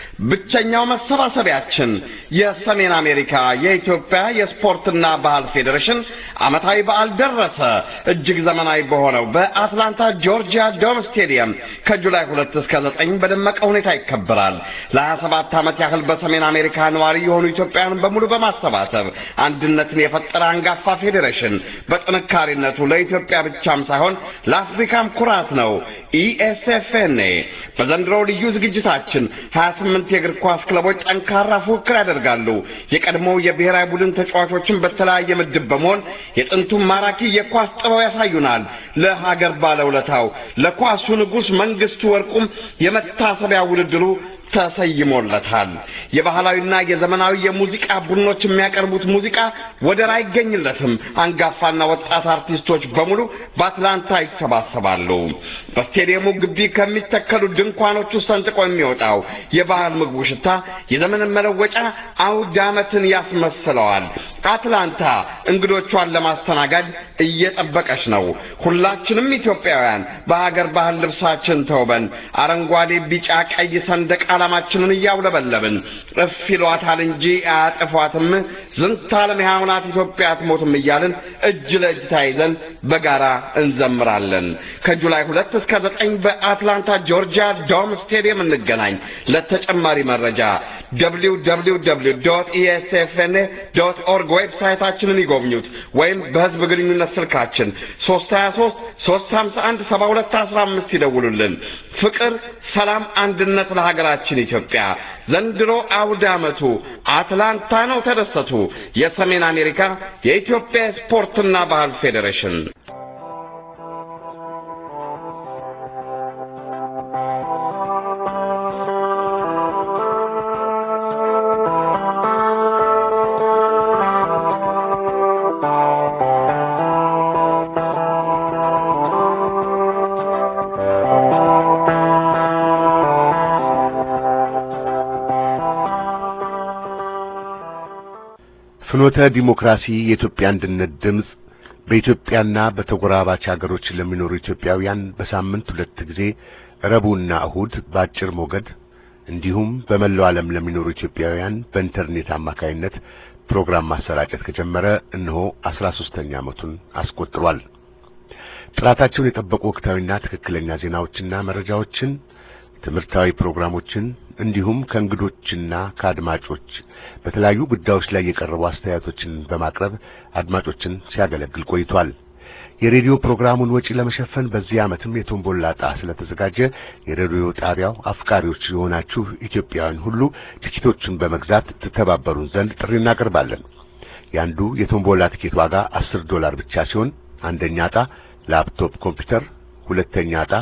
ብቸኛው መሰባሰቢያችን የሰሜን አሜሪካ የኢትዮጵያ የስፖርትና ባህል ፌዴሬሽን ዓመታዊ በዓል ደረሰ። እጅግ ዘመናዊ በሆነው በአትላንታ ጆርጂያ ዶም ስቴዲየም ከጁላይ ሁለት እስከ ዘጠኝ በደመቀ ሁኔታ ይከበራል። ለሀያ ሰባት ዓመት ያህል በሰሜን አሜሪካ ነዋሪ የሆኑ ኢትዮጵያውያን በሙሉ በማሰባሰብ አንድነትን የፈጠረ አንጋፋ ፌዴሬሽን በጥንካሬነቱ ለኢትዮጵያ ብቻም ሳይሆን ለአፍሪካም ኩራት ነው። ኢኤስኤፍኤንኤ e በዘንድሮ ልዩ ዝግጅታችን ሀያ ስምንት የእግር ኳስ ክለቦች ጠንካራ ፉክክር ያደርጋሉ። የቀድሞው የብሔራዊ ቡድን ተጫዋቾችን በተለያየ ምድብ በመሆን የጥንቱን ማራኪ የኳስ ጥበብ ያሳዩናል። ለሀገር ባለውለታው ለኳሱ ንጉሥ መንግስቱ ወርቁም የመታሰቢያ ውድድሩ ተሰይሞለታል። የባህላዊና የዘመናዊ የሙዚቃ ቡድኖች የሚያቀርቡት ሙዚቃ ወደር አይገኝለትም። አንጋፋና ወጣት አርቲስቶች በሙሉ በአትላንታ ይሰባሰባሉ። በስቴዲየሙ ግቢ ከሚተከሉ ድንኳኖች ውስጥ ሰንጥቆ የሚወጣው የባህል ምግቡ ሽታ የዘመን መለወጫ አውድ ዓመትን ያስመስለዋል። አትላንታ እንግዶቿን ለማስተናገድ እየጠበቀች ነው። ሁላችንም ኢትዮጵያውያን በሀገር ባህል ልብሳችን ተውበን አረንጓዴ፣ ቢጫ፣ ቀይ ሰንደቅ ዓላማችንን እያውለበለብን እፍ ይሏታል እንጂ አያጠፏትም፣ ዝንተ ዓለም ሕያው ናት ኢትዮጵያ አትሞትም እያልን እጅ ለእጅ ተያይዘን በጋራ እንዘምራለን ከጁላይ ሁለት እስከ ዘጠኝ በአትላንታ ጆርጂያ ዶም ስቴዲየም እንገናኝ። ለተጨማሪ መረጃ ደብሊው ደብሊው ደብሊው ዶት ዶት ኦርግ ዌብሳይታችንን ይጎብኙት ወይም በህዝብ ግንኙነት ስልካችን ሶስት ሀያ ይደውሉልን። ፍቅር፣ ሰላም፣ አንድነት ለሀገራችን ኢትዮጵያ። ዘንድሮ አውደ ዓመቱ አትላንታ ነው። ተደሰቱ። የሰሜን አሜሪካ የኢትዮጵያ ስፖርትና ባህል ፌዴሬሽን ፍኖተ ዲሞክራሲ የኢትዮጵያ አንድነት ድምፅ በኢትዮጵያና በተጎራባች ሀገሮች ለሚኖሩ ኢትዮጵያውያን በሳምንት ሁለት ጊዜ ረቡዕና እሁድ በአጭር ሞገድ እንዲሁም በመላው ዓለም ለሚኖሩ ኢትዮጵያውያን በኢንተርኔት አማካይነት ፕሮግራም ማሰራጨት ከጀመረ እነሆ አስራ ኛ ዓመቱን አስቆጥሯል። ጥራታቸውን የጠበቁ ወቅታዊና ትክክለኛ ዜናዎችና መረጃዎችን፣ ትምህርታዊ ፕሮግራሞችን እንዲሁም ከእንግዶችና ከአድማጮች በተለያዩ ጉዳዮች ላይ የቀረቡ አስተያየቶችን በማቅረብ አድማጮችን ሲያገለግል ቆይቷል። የሬዲዮ ፕሮግራሙን ወጪ ለመሸፈን በዚህ ዓመትም የቶምቦላ ዕጣ ስለተዘጋጀ የሬዲዮ ጣቢያው አፍቃሪዎች የሆናችሁ ኢትዮጵያውያን ሁሉ ትኬቶቹን በመግዛት ትተባበሩን ዘንድ ጥሪ እናቀርባለን። የአንዱ የቶምቦላ ትኬት ዋጋ 10 ዶላር ብቻ ሲሆን አንደኛ ዕጣ ላፕቶፕ ኮምፒውተር፣ ሁለተኛ ዕጣ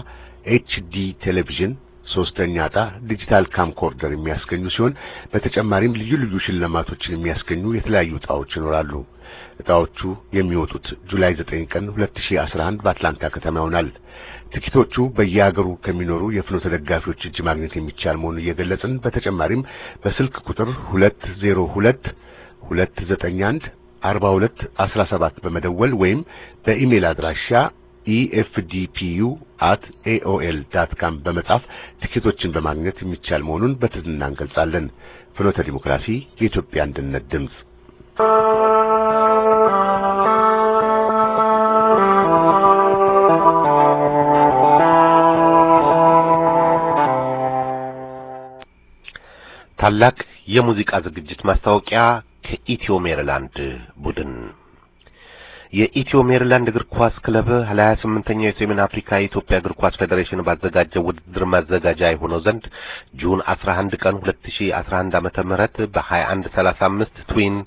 ኤችዲ ቴሌቪዥን ሶስተኛ ዕጣ ዲጂታል ካምኮርደር የሚያስገኙ ሲሆን በተጨማሪም ልዩ ልዩ ሽልማቶችን የሚያስገኙ የተለያዩ ዕጣዎች ይኖራሉ። ዕጣዎቹ የሚወጡት ጁላይ 9 ቀን 2011 በአትላንታ ከተማ ይሆናል። ትኪቶቹ በየሀገሩ ከሚኖሩ የፍኖ ተደጋፊዎች እጅ ማግኘት የሚቻል መሆኑን እየገለጽን በተጨማሪም በስልክ ቁጥር 202 291 4217 በመደወል ወይም በኢሜል አድራሻ ኢኤፍዲፒዩ አት ኤኦኤል ዳት ካም በመጻፍ ትኬቶችን በማግኘት የሚቻል መሆኑን በትህትና እንገልጻለን። ፍኖተ ዲሞክራሲ የኢትዮጵያ አንድነት ድምፅ ታላቅ የሙዚቃ ዝግጅት ማስታወቂያ ከኢትዮ ሜሪላንድ የኢትዮ ሜሪላንድ እግር ኳስ ክለብ ለሀያ ስምንተኛው የሰሜን አፍሪካ የኢትዮጵያ እግር ኳስ ፌዴሬሽን ባዘጋጀው ውድድር ማዘጋጃ የሆነው ዘንድ ጁን 11 ቀን 2011 ዓ.ም ምህረት በ2135 ትዊን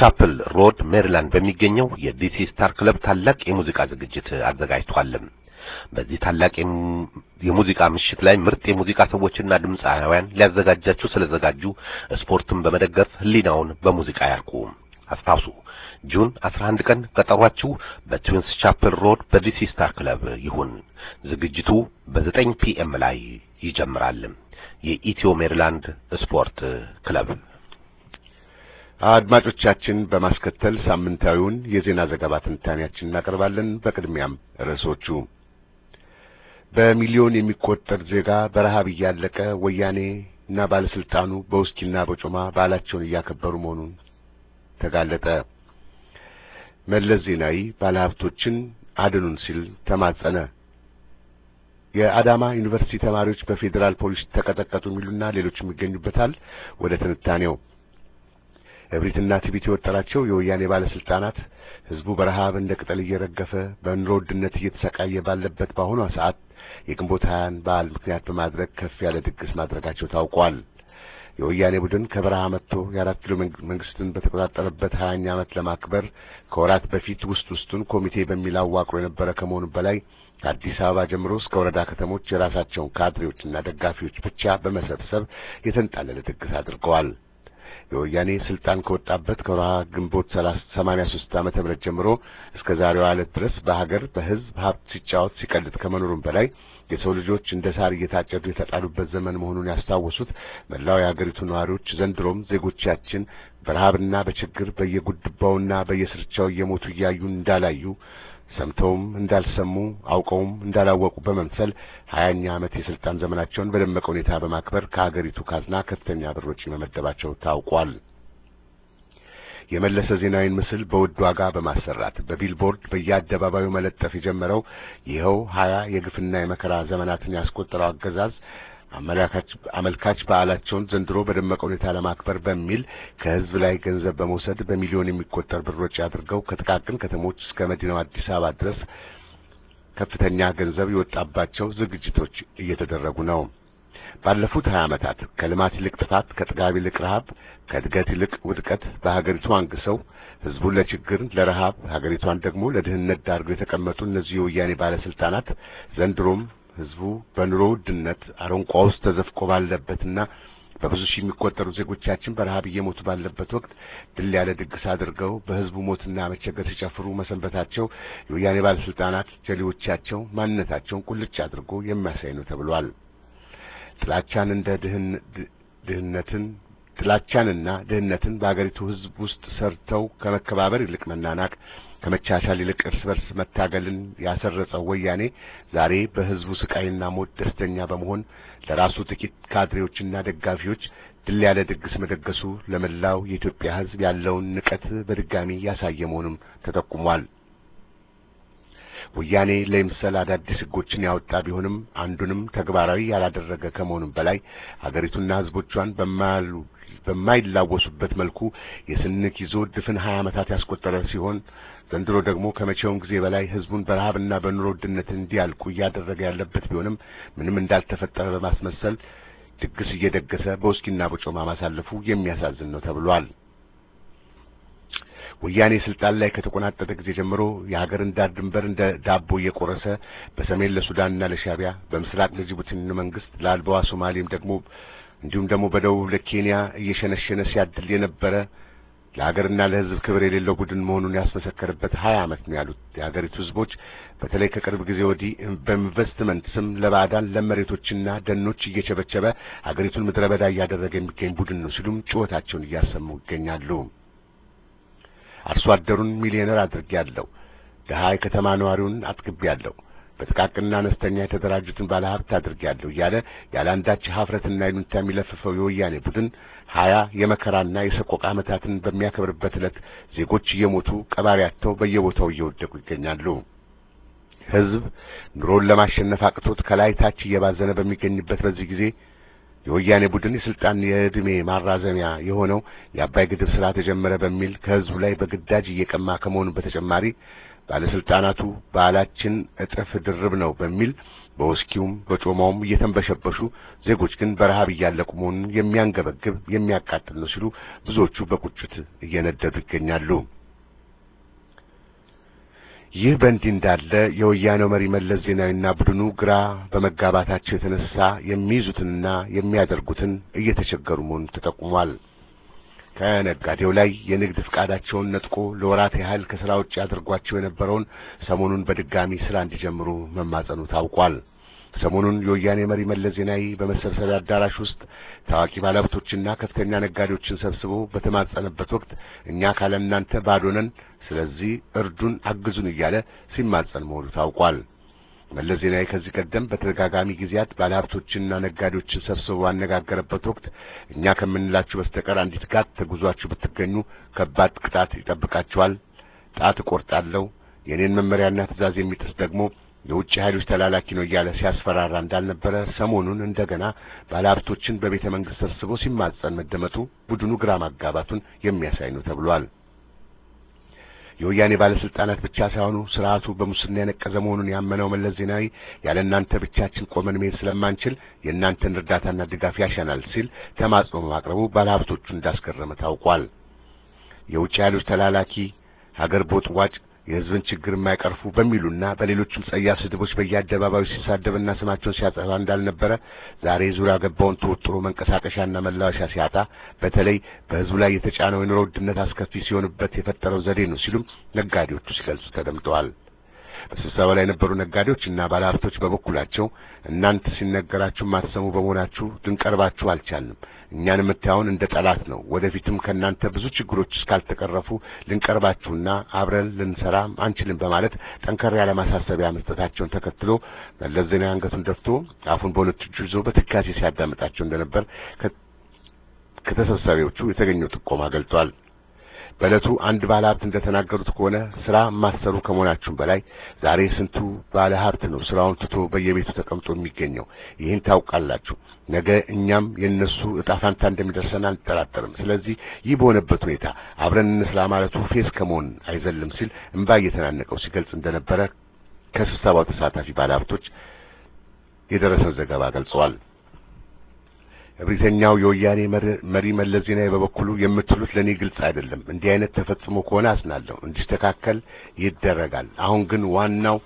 ቻፕል ሮድ ሜሪላንድ በሚገኘው የዲሲ ስታር ክለብ ታላቅ የሙዚቃ ዝግጅት አዘጋጅቷል። በዚህ ታላቅ የሙዚቃ ምሽት ላይ ምርጥ የሙዚቃ ሰዎችና ድምፃውያን ሊያዘጋጃቸው ስለዘጋጁ ስፖርትን በመደገፍ ህሊናውን በሙዚቃ ያርኩ። አስታውሱ። ጁን 11 ቀን ቀጠሯችሁ በትዊንስ ቻፕል ሮድ በዲሲ ስታር ክለብ ይሁን። ዝግጅቱ በ9 ፒኤም ላይ ይጀምራል። የኢትዮ ሜሪላንድ ስፖርት ክለብ። አድማጮቻችን፣ በማስከተል ሳምንታዊውን የዜና ዘገባ ትንታኔያችን እናቀርባለን። በቅድሚያም ርዕሶቹ በሚሊዮን የሚቆጠር ዜጋ በረሃብ እያለቀ ወያኔና ባለስልጣኑ በውስኪና በጮማ በዓላቸውን እያከበሩ መሆኑን ተጋለጠ። መለስ ዜናዊ ባለሀብቶችን አድኑን ሲል ተማጸነ። የአዳማ ዩኒቨርሲቲ ተማሪዎች በፌዴራል ፖሊስ ተቀጠቀጡ የሚሉና ሌሎችም ይገኙበታል። ወደ ትንታኔው እብሪትና ትቢት የወጠራቸው የወያኔ ባለስልጣናት ህዝቡ በረሃብ እንደ ቅጠል እየረገፈ በኑሮ ውድነት እየተሰቃየ ባለበት በአሁኗ ሰዓት የግንቦት ሀያን በዓል ምክንያት በማድረግ ከፍ ያለ ድግስ ማድረጋቸው ታውቋል። የወያኔ ቡድን ከበረሃ መጥቶ የአራት ኪሎ መንግስትን በተቆጣጠረበት ሀያኛ ዓመት ለማክበር ከወራት በፊት ውስጥ ውስጡን ኮሚቴ በሚል አዋቅሮ የነበረ ከመሆኑ በላይ ከአዲስ አበባ ጀምሮ እስከ ወረዳ ከተሞች የራሳቸውን ካድሬዎችና ደጋፊዎች ብቻ በመሰብሰብ የተንጣለለ ድግስ አድርገዋል። የወያኔ ስልጣን ከወጣበት ከረሃ ግንቦት 83 ዓመተ ምህረት ጀምሮ እስከ ዛሬዋ ዕለት ድረስ በሀገር በህዝብ ሀብት ሲጫወት ሲቀልጥ ከመኖሩም በላይ የሰው ልጆች እንደ ሳር እየታጨዱ የተጣሉበት ዘመን መሆኑን ያስታወሱት መላው የሀገሪቱ ነዋሪዎች ዘንድሮም ዜጎቻችን በረሃብና በችግር በየጉድባውና በየስርቻው እየሞቱ እያዩ እንዳላዩ ሰምተውም እንዳልሰሙ አውቀውም እንዳላወቁ በመምሰል ሀያኛ ዓመት የስልጣን ዘመናቸውን በደመቀ ሁኔታ በማክበር ከሀገሪቱ ካዝና ከፍተኛ ብር መመደባቸው ታውቋል። የመለሰ ዜናዊን ምስል በውድ ዋጋ በማሰራት በቢልቦርድ በየአደባባዩ መለጠፍ የጀመረው ይኸው ሀያ የግፍና የመከራ ዘመናትን ያስቆጠረው አገዛዝ አመልካች በዓላቸውን ዘንድሮ በደመቀ ሁኔታ ለማክበር በሚል ከህዝብ ላይ ገንዘብ በመውሰድ በሚሊዮን የሚቆጠር ብር ወጪ አድርገው ከጥቃቅን ከተሞች እስከ መዲናው አዲስ አበባ ድረስ ከፍተኛ ገንዘብ የወጣባቸው ዝግጅቶች እየተደረጉ ነው። ባለፉት 20 ዓመታት ከልማት ይልቅ ጥፋት፣ ከጥጋብ ይልቅ ረሃብ፣ ከእድገት ይልቅ ውድቀት በሀገሪቱ አንግሰው ህዝቡን ለችግር፣ ለረሃብ፣ ሀገሪቷን ደግሞ ለድህነት ዳርገው የተቀመጡ እነዚህ የወያኔ ባለስልጣናት ዘንድሮም ህዝቡ በኑሮ ውድነት አረንቋ ውስጥ ተዘፍቆ ባለበትና በብዙ ሺህ የሚቆጠሩ ዜጎቻችን በረሃብ እየሞቱ ባለበት ወቅት ድል ያለ ድግስ አድርገው በህዝቡ ሞትና መቸገር ሲጨፍሩ መሰንበታቸው የወያኔ ባለስልጣናት ጀሌዎቻቸው ማንነታቸውን ቁልጭ አድርጎ የሚያሳይ ነው ተብሏል። ጥላቻን እንደ ድህነትን ጥላቻንና ድህነትን በአገሪቱ ህዝብ ውስጥ ሰርተው ከመከባበር ይልቅ መናናቅ፣ ከመቻቻል ይልቅ እርስ በርስ መታገልን ያሰረጸው ወያኔ ዛሬ በህዝቡ ስቃይና ሞት ደስተኛ በመሆን ለራሱ ጥቂት ካድሬዎችና ደጋፊዎች ድል ያለ ድግስ መደገሱ ለመላው የኢትዮጵያ ህዝብ ያለውን ንቀት በድጋሚ ያሳየ መሆኑም ተጠቁሟል። ወያኔ ለይምሰል አዳዲስ ህጎችን ያወጣ ቢሆንም አንዱንም ተግባራዊ ያላደረገ ከመሆኑም በላይ ሀገሪቱና ህዝቦቿን በማያሉ በማይላወሱበት መልኩ የስንክ ይዞ ድፍን ሀያ ዓመታት ያስቆጠረ ሲሆን ዘንድሮ ደግሞ ከመቼውም ጊዜ በላይ ህዝቡን በረሃብና በኑሮ ውድነት እንዲያልቁ እያደረገ ያለበት ቢሆንም ምንም እንዳልተፈጠረ በማስመሰል ድግስ እየደገሰ በውስኪና በጮማ ማሳለፉ የሚያሳዝን ነው ተብሏል። ወያኔ ስልጣን ላይ ከተቆናጠጠ ጊዜ ጀምሮ የሀገርን ዳር ድንበር እንደ ዳቦ እየቆረሰ በሰሜን ለሱዳንና ለሻቢያ በምስራቅ ለጅቡቲን መንግስት ለአልባዋ ሶማሌም ደግሞ እንዲሁም ደግሞ በደቡብ ለኬንያ እየሸነሸነ ሲያድል የነበረ ለሀገርና ለህዝብ ክብር የሌለው ቡድን መሆኑን ያስመሰከርበት ሀያ ዓመት ነው ያሉት የሀገሪቱ ህዝቦች በተለይ ከቅርብ ጊዜ ወዲህ በኢንቨስትመንት ስም ለባዕዳን ለመሬቶችና ደኖች እየቸበቸበ ሀገሪቱን ምድረ በዳ እያደረገ የሚገኝ ቡድን ነው ሲሉም ጩኸታቸውን እያሰሙ ይገኛሉ። አርሶ አደሩን ሚሊዮነር አድርጌያለሁ። ድሃ የከተማ ነዋሪውን አጥግቤያለሁ። በጥቃቅንና አነስተኛ የተደራጁትን ባለ ሀብት አድርጌያለሁ እያለ ያለ አንዳች ሀፍረትና ይሉኝታ የሚለፍፈው የወያኔ ቡድን ሀያ የመከራና የሰቆቃ ዓመታትን በሚያከብርበት ዕለት ዜጎች እየሞቱ ቀባሪ አጥተው በየቦታው እየወደቁ ይገኛሉ። ሕዝብ ኑሮን ለማሸነፍ አቅቶት ከላይ ታች እየባዘነ በሚገኝበት በዚህ ጊዜ የወያኔ ቡድን የስልጣን የእድሜ ማራዘሚያ የሆነው የአባይ ግድብ ስራ ተጀመረ በሚል ከህዝቡ ላይ በግዳጅ እየቀማ ከመሆኑ በተጨማሪ ባለስልጣናቱ በዓላችን እጥፍ ድርብ ነው በሚል በውስኪውም በጮማውም እየተንበሸበሹ ዜጎች ግን በረሃብ እያለቁ መሆኑን የሚያንገበግብ የሚያቃጥል ነው ሲሉ ብዙዎቹ በቁጭት እየነደዱ ይገኛሉ። ይህ በእንዲህ እንዳለ የወያኔው መሪ መለስ ዜናዊና ቡድኑ ግራ በመጋባታቸው የተነሳ የሚይዙትንና የሚያደርጉትን እየተቸገሩ መሆኑ ተጠቁሟል። ከነጋዴው ላይ የንግድ ፍቃዳቸውን ነጥቆ ለወራት ያህል ከስራ ውጭ አድርጓቸው የነበረውን ሰሞኑን በድጋሚ ስራ እንዲጀምሩ መማጸኑ ታውቋል። ሰሞኑን የወያኔ መሪ መለስ ዜናዊ በመሰብሰቢያ አዳራሽ ውስጥ ታዋቂ ባለሀብቶችና ከፍተኛ ነጋዴዎችን ሰብስቦ በተማጸነበት ወቅት እኛ ካለ እናንተ ባዶነን ስለዚህ እርዱን፣ አግዙን እያለ ሲማጸን መሆኑ ታውቋል። መለስ ዜናዊ ከዚህ ቀደም በተደጋጋሚ ጊዜያት ባለሀብቶችንና ነጋዴዎችን ሰብስቦ ባነጋገረበት ወቅት እኛ ከምንላችሁ በስተቀር አንዲት ጋት ተጉዟችሁ ብትገኙ ከባድ ቅጣት ይጠብቃችኋል፣ ጣት እቆርጣለሁ፣ የእኔን መመሪያና ትዕዛዝ የሚጥስ ደግሞ የውጭ ኃይሎች ተላላኪ ነው እያለ ሲያስፈራራ እንዳልነበረ ሰሞኑን እንደገና ባለሀብቶችን በቤተ መንግስት ሰብስቦ ሲማጸን መደመጡ ቡድኑ ግራ ማጋባቱን የሚያሳይ ነው ተብሏል። የወያኔ ባለስልጣናት ብቻ ሳይሆኑ ስርዓቱ በሙስና የነቀዘ መሆኑን ያመነው መለስ ዜናዊ ያለ እናንተ ብቻችን ቆመን መሄድ ስለማንችል የእናንተን እርዳታና ድጋፍ ያሻናል ሲል ተማጽኖ በማቅረቡ ባለሀብቶቹ እንዳስገረመ ታውቋል። የውጭ ኃይሎች ተላላኪ ሀገር ቦጥዋጭ የህዝብን ችግር የማይቀርፉ በሚሉና በሌሎችም ጸያፍ ስድቦች በየአደባባዩ ሲሳደብና ስማቸውን ሲያጠፋ እንዳልነበረ ዛሬ ዙሪያ ገባውን ተወጥሮ መንቀሳቀሻና መላወሻ ሲያጣ በተለይ በህዝቡ ላይ የተጫነው የኑሮ ውድነት አስከፊ ሲሆንበት የፈጠረው ዘዴ ነው ሲሉም ነጋዴዎቹ ሲገልጹ ተደምጠዋል። በስብሰባ ላይ የነበሩ ነጋዴዎች እና ባለሀብቶች በበኩላቸው እናንተ ሲነገራችሁ ማትሰሙ በመሆናችሁ ልንቀርባችሁ አልቻልንም። እኛን የምታየውን እንደ ጠላት ነው። ወደፊትም ከእናንተ ብዙ ችግሮች እስካልተቀረፉ ልንቀርባችሁና አብረን ልንሰራ አንችልም በማለት ጠንከር ያለ ማሳሰቢያ መስጠታቸውን ተከትሎ መለስ ዜናዊ አንገቱን ደፍቶ አፉን በሁለት እጁ ይዞ በትካዜ ሲያዳምጣቸው እንደነበር ከተሰብሳቢዎቹ የተገኘው ጥቆማ ገልጿል። በለቱ አንድ ባለሀብት እንደተናገሩት ከሆነ ስራ ማሰሩ ከመሆናችሁም በላይ ዛሬ ስንቱ ባለሀብት ነው ስራውን ትቶ በየቤቱ ተቀምጦ የሚገኘው። ይህን ታውቃላችሁ። ነገ እኛም የእነሱ እጣ ፋንታ እንደሚደርሰን አንጠራጠርም። ስለዚህ ይህ በሆነበት ሁኔታ አብረን እንስላ ማለቱ ፌስ ከመሆን አይዘልም ሲል እንባ እየተናነቀው ሲገልጽ እንደነበረ ከስብሰባው ተሳታፊ ባለሀብቶች የደረሰን ዘገባ ገልጸዋል። እብሪተኛው የወያኔ መሪ መለስ ዜናዊ በበኩሉ የምትሉት ለእኔ ግልጽ አይደለም፣ እንዲህ አይነት ተፈጽሞ ከሆነ አስናለሁ፣ እንዲስተካከል ይደረጋል። አሁን ግን ዋናው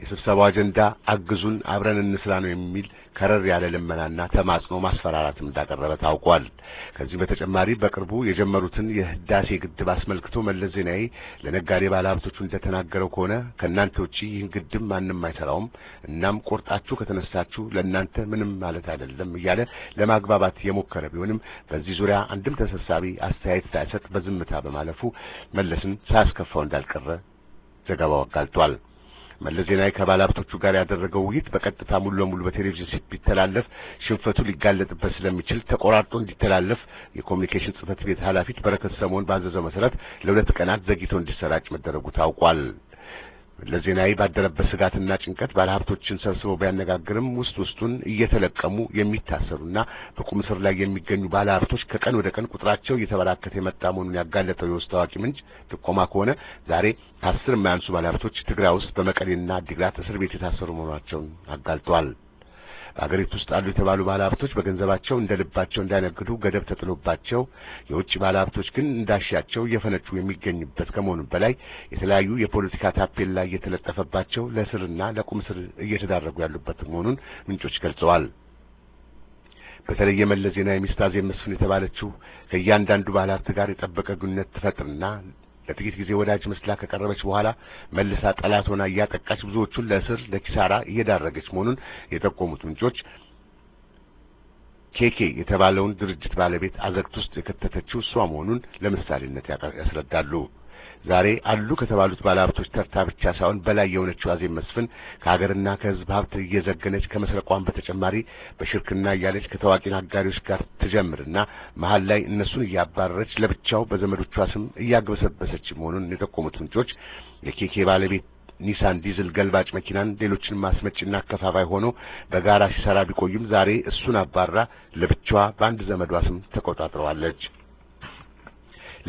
የስብሰባው አጀንዳ አግዙን፣ አብረን እንስራ ነው የሚል ከረር ያለ ልመናና ተማጽኖ ማስፈራራትም እንዳቀረበ ታውቋል። ከዚህ በተጨማሪ በቅርቡ የጀመሩትን የህዳሴ ግድብ አስመልክቶ መለስ ዜናዊ ለነጋዴ ባለሀብቶቹ እንደተናገረው ከሆነ ከእናንተ ውጪ ይህን ግድብ ማንም አይሰራውም፣ እናም ቆርጣችሁ ከተነሳችሁ ለእናንተ ምንም ማለት አይደለም እያለ ለማግባባት የሞከረ ቢሆንም በዚህ ዙሪያ አንድም ተሰብሳቢ አስተያየት ሳይሰጥ በዝምታ በማለፉ መለስን ሳያስከፋው እንዳልቀረ ዘገባው አጋልጧል። መለስ ዜናዊ ሀብቶቹ ጋር ያደረገው ውይይት በቀጥታ ሙሉ ለሙሉ በቴሌቪዥን ቢተላለፍ ሽንፈቱ ሊጋለጥበት ስለሚችል ተቆራርጦ እንዲተላለፍ የኮሚኒኬሽን ጽህፈት ቤት ኃላፊት በረከት ሰሞን ባዘዘው መሰረት ለሁለት ቀናት ዘግይቶ እንዲሰራጭ መደረጉ ታውቋል። መለስ ዜናዊ ባደረበት ስጋትና ጭንቀት ባለሀብቶችን ሰብስቦ ቢያነጋግርም ውስጥ ውስጡን እየተለቀሙ የሚታሰሩና በቁም ስር ላይ የሚገኙ ባለሀብቶች ከቀን ወደ ቀን ቁጥራቸው እየተበራከተ የመጣ መሆኑን ያጋለጠው የውስጥ አዋቂ ምንጭ ጥቆማ ከሆነ ዛሬ ከአስር የማያንሱ ባለሀብቶች ትግራይ ውስጥ በመቀሌና አዲግራት እስር ቤት የታሰሩ መሆናቸውን አጋልጠዋል። በአገሪቱ ውስጥ አሉ የተባሉ ባለሀብቶች በገንዘባቸው እንደ ልባቸው እንዳይነግዱ ገደብ ተጥሎባቸው የውጭ ባለሀብቶች ግን እንዳሻቸው እየፈነጩ የሚገኙበት ከመሆኑ በላይ የተለያዩ የፖለቲካ ታፔላ እየተለጠፈባቸው ለእስርና ለቁም እስር እየተዳረጉ ያሉበት መሆኑን ምንጮች ገልጸዋል። በተለይ የመለስ ዜናዊ ሚስት አዜብ መስፍን የተባለችው ከእያንዳንዱ ባለሀብት ጋር የጠበቀ ግንኙነት ትፈጥርና ለጥቂት ጊዜ ወዳጅ መስላ ከቀረበች በኋላ መልሳ ጠላት ሆና እያጠቃች ብዙዎቹን ለእስር ለኪሳራ እየዳረገች መሆኑን የጠቆሙት ምንጮች ኬኬ የተባለውን ድርጅት ባለቤት አዘቅት ውስጥ የከተተችው እሷ መሆኑን ለምሳሌነት ያስረዳሉ። ዛሬ አሉ ከተባሉት ባለሀብቶች ተርታ ብቻ ሳይሆን በላይ የሆነችው አዜብ መስፍን ከሀገርና ከህዝብ ሀብት እየዘገነች ከመስረቋን በተጨማሪ በሽርክና እያለች ከታዋቂ ናጋሪዎች ጋር ትጀምርና መሀል ላይ እነሱን እያባረረች ለብቻው በዘመዶቿ ስም እያግበሰበሰች መሆኑን የጠቆሙት ምንጮች የኬኬ ባለቤት ኒሳን ዲዝል ገልባጭ መኪናን ሌሎችን ማስመጭና አከፋፋይ ሆኖ በጋራ ሲሰራ ቢቆይም ዛሬ እሱን አባራ ለብቻዋ በአንድ ዘመዷ ስም ተቆጣጥረዋለች።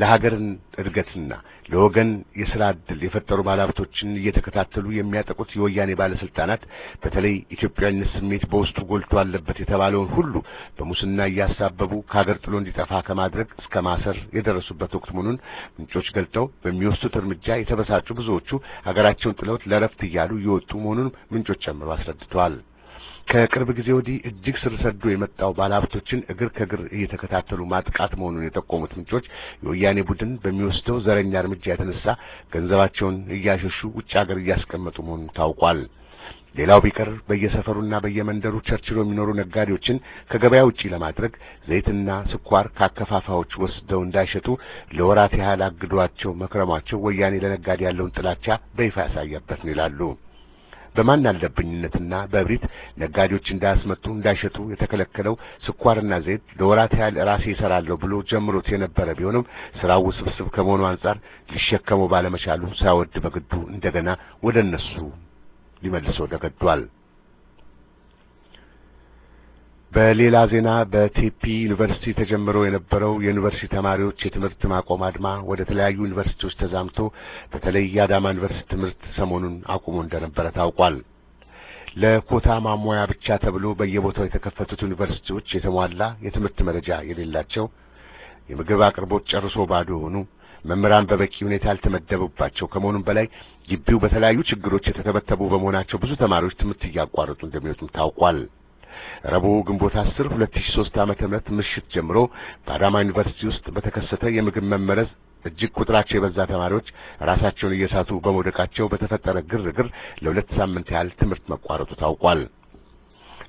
ለሀገርን እድገትና ለወገን የስራ ዕድል የፈጠሩ ባለሀብቶችን እየተከታተሉ የሚያጠቁት የወያኔ ባለስልጣናት በተለይ ኢትዮጵያዊነት ስሜት በውስጡ ጎልቶ አለበት የተባለውን ሁሉ በሙስና እያሳበቡ ከሀገር ጥሎ እንዲጠፋ ከማድረግ እስከ ማሰር የደረሱበት ወቅት መሆኑን ምንጮች ገልጠው በሚወስዱት እርምጃ የተበሳጩ ብዙዎቹ ሀገራቸውን ጥለውት ለረፍት እያሉ እየወጡ መሆኑን ምንጮች ጨምረው አስረድተዋል። ከቅርብ ጊዜ ወዲህ እጅግ ስር ሰዶ የመጣው ባለሀብቶችን እግር ከእግር እየተከታተሉ ማጥቃት መሆኑን የጠቆሙት ምንጮች የወያኔ ቡድን በሚወስደው ዘረኛ እርምጃ የተነሳ ገንዘባቸውን እያሸሹ ውጭ ሀገር እያስቀመጡ መሆኑን ታውቋል። ሌላው ቢቀር በየሰፈሩና በየመንደሩ ቸርችሎ የሚኖሩ ነጋዴዎችን ከገበያ ውጪ ለማድረግ ዘይትና ስኳር ከአከፋፋዮች ወስደው እንዳይሸጡ ለወራት ያህል አግዷቸው መክረሟቸው ወያኔ ለነጋዴ ያለውን ጥላቻ በይፋ ያሳየበት ነው ይላሉ። በማን አለብኝነትና በእብሪት ነጋዴዎች እንዳያስመጡ እንዳይሸጡ የተከለከለው ስኳርና ዘይት ለወራት ያህል ራሴ ይሰራለሁ ብሎ ጀምሮት የነበረ ቢሆንም ስራው ውስብስብ ከመሆኑ አንጻር ሊሸከመው ባለመቻሉ ሳይወድ በግዱ እንደገና ወደ እነሱ ሊመልሰው ተገዷል። በሌላ ዜና በቴፒ ዩኒቨርሲቲ ተጀምሮ የነበረው የዩኒቨርሲቲ ተማሪዎች የትምህርት ማቆም አድማ ወደ ተለያዩ ዩኒቨርሲቲዎች ተዛምቶ በተለይ የአዳማ ዩኒቨርሲቲ ትምህርት ሰሞኑን አቁሞ እንደነበረ ታውቋል። ለኮታ ማሟያ ብቻ ተብሎ በየቦታው የተከፈቱት ዩኒቨርሲቲዎች የተሟላ የትምህርት መረጃ የሌላቸው፣ የምግብ አቅርቦት ጨርሶ ባዶ የሆኑ መምህራን በበቂ ሁኔታ ያልተመደቡባቸው ከመሆኑም በላይ ግቢው በተለያዩ ችግሮች የተተበተቡ በመሆናቸው ብዙ ተማሪዎች ትምህርት እያቋረጡ እንደሚወጡም ታውቋል። ረቡዕ ግንቦት 10 2003 ዓ.ም ምሽት ጀምሮ በአዳማ ዩኒቨርሲቲ ውስጥ በተከሰተ የምግብ መመረዝ እጅግ ቁጥራቸው የበዛ ተማሪዎች ራሳቸውን እየሳቱ በመውደቃቸው በተፈጠረ ግርግር ለሁለት ሳምንት ያህል ትምህርት መቋረጡ ታውቋል።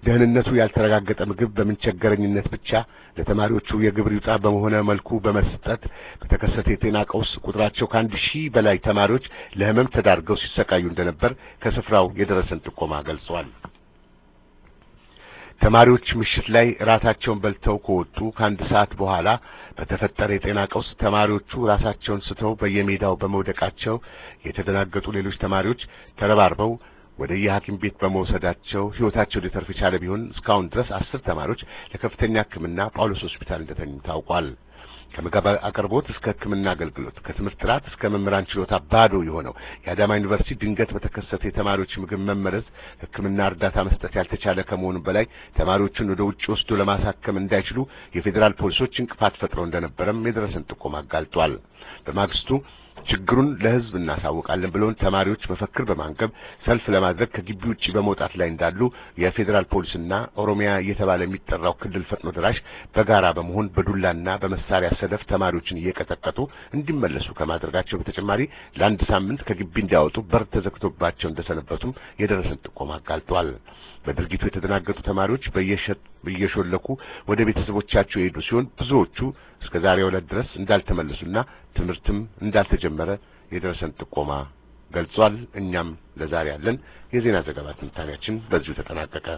ደህንነቱ ያልተረጋገጠ ምግብ በምንቸገረኝነት ብቻ ለተማሪዎቹ የግብር ይውጣ በመሆነ መልኩ በመስጠት በተከሰተ የጤና ቀውስ ቁጥራቸው ከአንድ ሺህ በላይ ተማሪዎች ለህመም ተዳርገው ሲሰቃዩ እንደነበር ከስፍራው የደረሰን ጥቆማ ገልጿል። ተማሪዎች ምሽት ላይ ራታቸውን በልተው ከወጡ ከአንድ ሰዓት በኋላ በተፈጠረ የጤና ቀውስ ተማሪዎቹ ራሳቸውን ስተው በየሜዳው በመውደቃቸው የተደናገጡ ሌሎች ተማሪዎች ተረባርበው ወደየሐኪም ቤት በመውሰዳቸው ሕይወታቸው ሊተርፍ የቻለ ቢሆን እስካሁን ድረስ አስር ተማሪዎች ለከፍተኛ ሕክምና ጳውሎስ ሆስፒታል እንደተኙ ታውቋል። ከምግብ አቅርቦት እስከ ሕክምና አገልግሎት ከትምህርት ጥራት እስከ መምህራን ችሎታ ባዶ የሆነው የአዳማ ዩኒቨርሲቲ ድንገት በተከሰተ የተማሪዎች ምግብ መመረዝ ሕክምና እርዳታ መስጠት ያልተቻለ ከመሆኑ በላይ ተማሪዎቹን ወደ ውጭ ወስዶ ለማሳከም እንዳይችሉ የፌዴራል ፖሊሶች እንቅፋት ፈጥረው እንደነበረም የደረሰን ጥቆማ አጋልጧል። በማግስቱ ችግሩን ለህዝብ እናሳውቃለን ብለውን ተማሪዎች መፈክር በማንገብ ሰልፍ ለማድረግ ከግቢ ውጭ በመውጣት ላይ እንዳሉ የፌዴራል ፖሊስና ኦሮሚያ እየተባለ የሚጠራው ክልል ፈጥኖ ደራሽ በጋራ በመሆን በዱላና በመሳሪያ ሰደፍ ተማሪዎችን እየቀጠቀጡ እንዲመለሱ ከማድረጋቸው በተጨማሪ ለአንድ ሳምንት ከግቢ እንዲያወጡ በር ተዘግቶባቸው እንደሰነበቱም የደረሰን ጥቆማ አጋልጧል። በድርጊቱ የተደናገጡ ተማሪዎች እየሾለኩ ወደ ቤተሰቦቻቸው የሄዱ ሲሆን ብዙዎቹ እስከ ዛሬ ዕለት ድረስ እንዳልተመለሱና ትምህርትም እንዳልተጀመረ የደረሰን ጥቆማ ገልጿል። እኛም ለዛሬ ያለን የዜና ዘገባ ትንታኔያችን በዚሁ ተጠናቀቀ።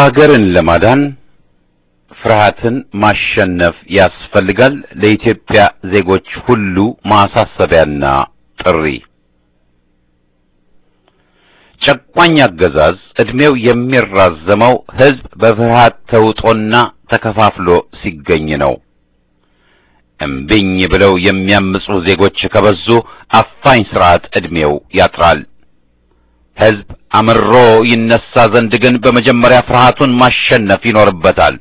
ሀገርን ለማዳን ፍርሃትን ማሸነፍ ያስፈልጋል። ለኢትዮጵያ ዜጎች ሁሉ ማሳሰቢያና ጥሪ። ጨቋኝ አገዛዝ ዕድሜው የሚራዘመው ሕዝብ በፍርሃት ተውጦና ተከፋፍሎ ሲገኝ ነው። እምቢኝ ብለው የሚያምፁ ዜጎች ከበዙ አፋኝ ሥርዓት ዕድሜው ያጥራል። ሕዝብ አምሮ ይነሳ ዘንድ ግን በመጀመሪያ ፍርሃቱን ማሸነፍ ይኖርበታል።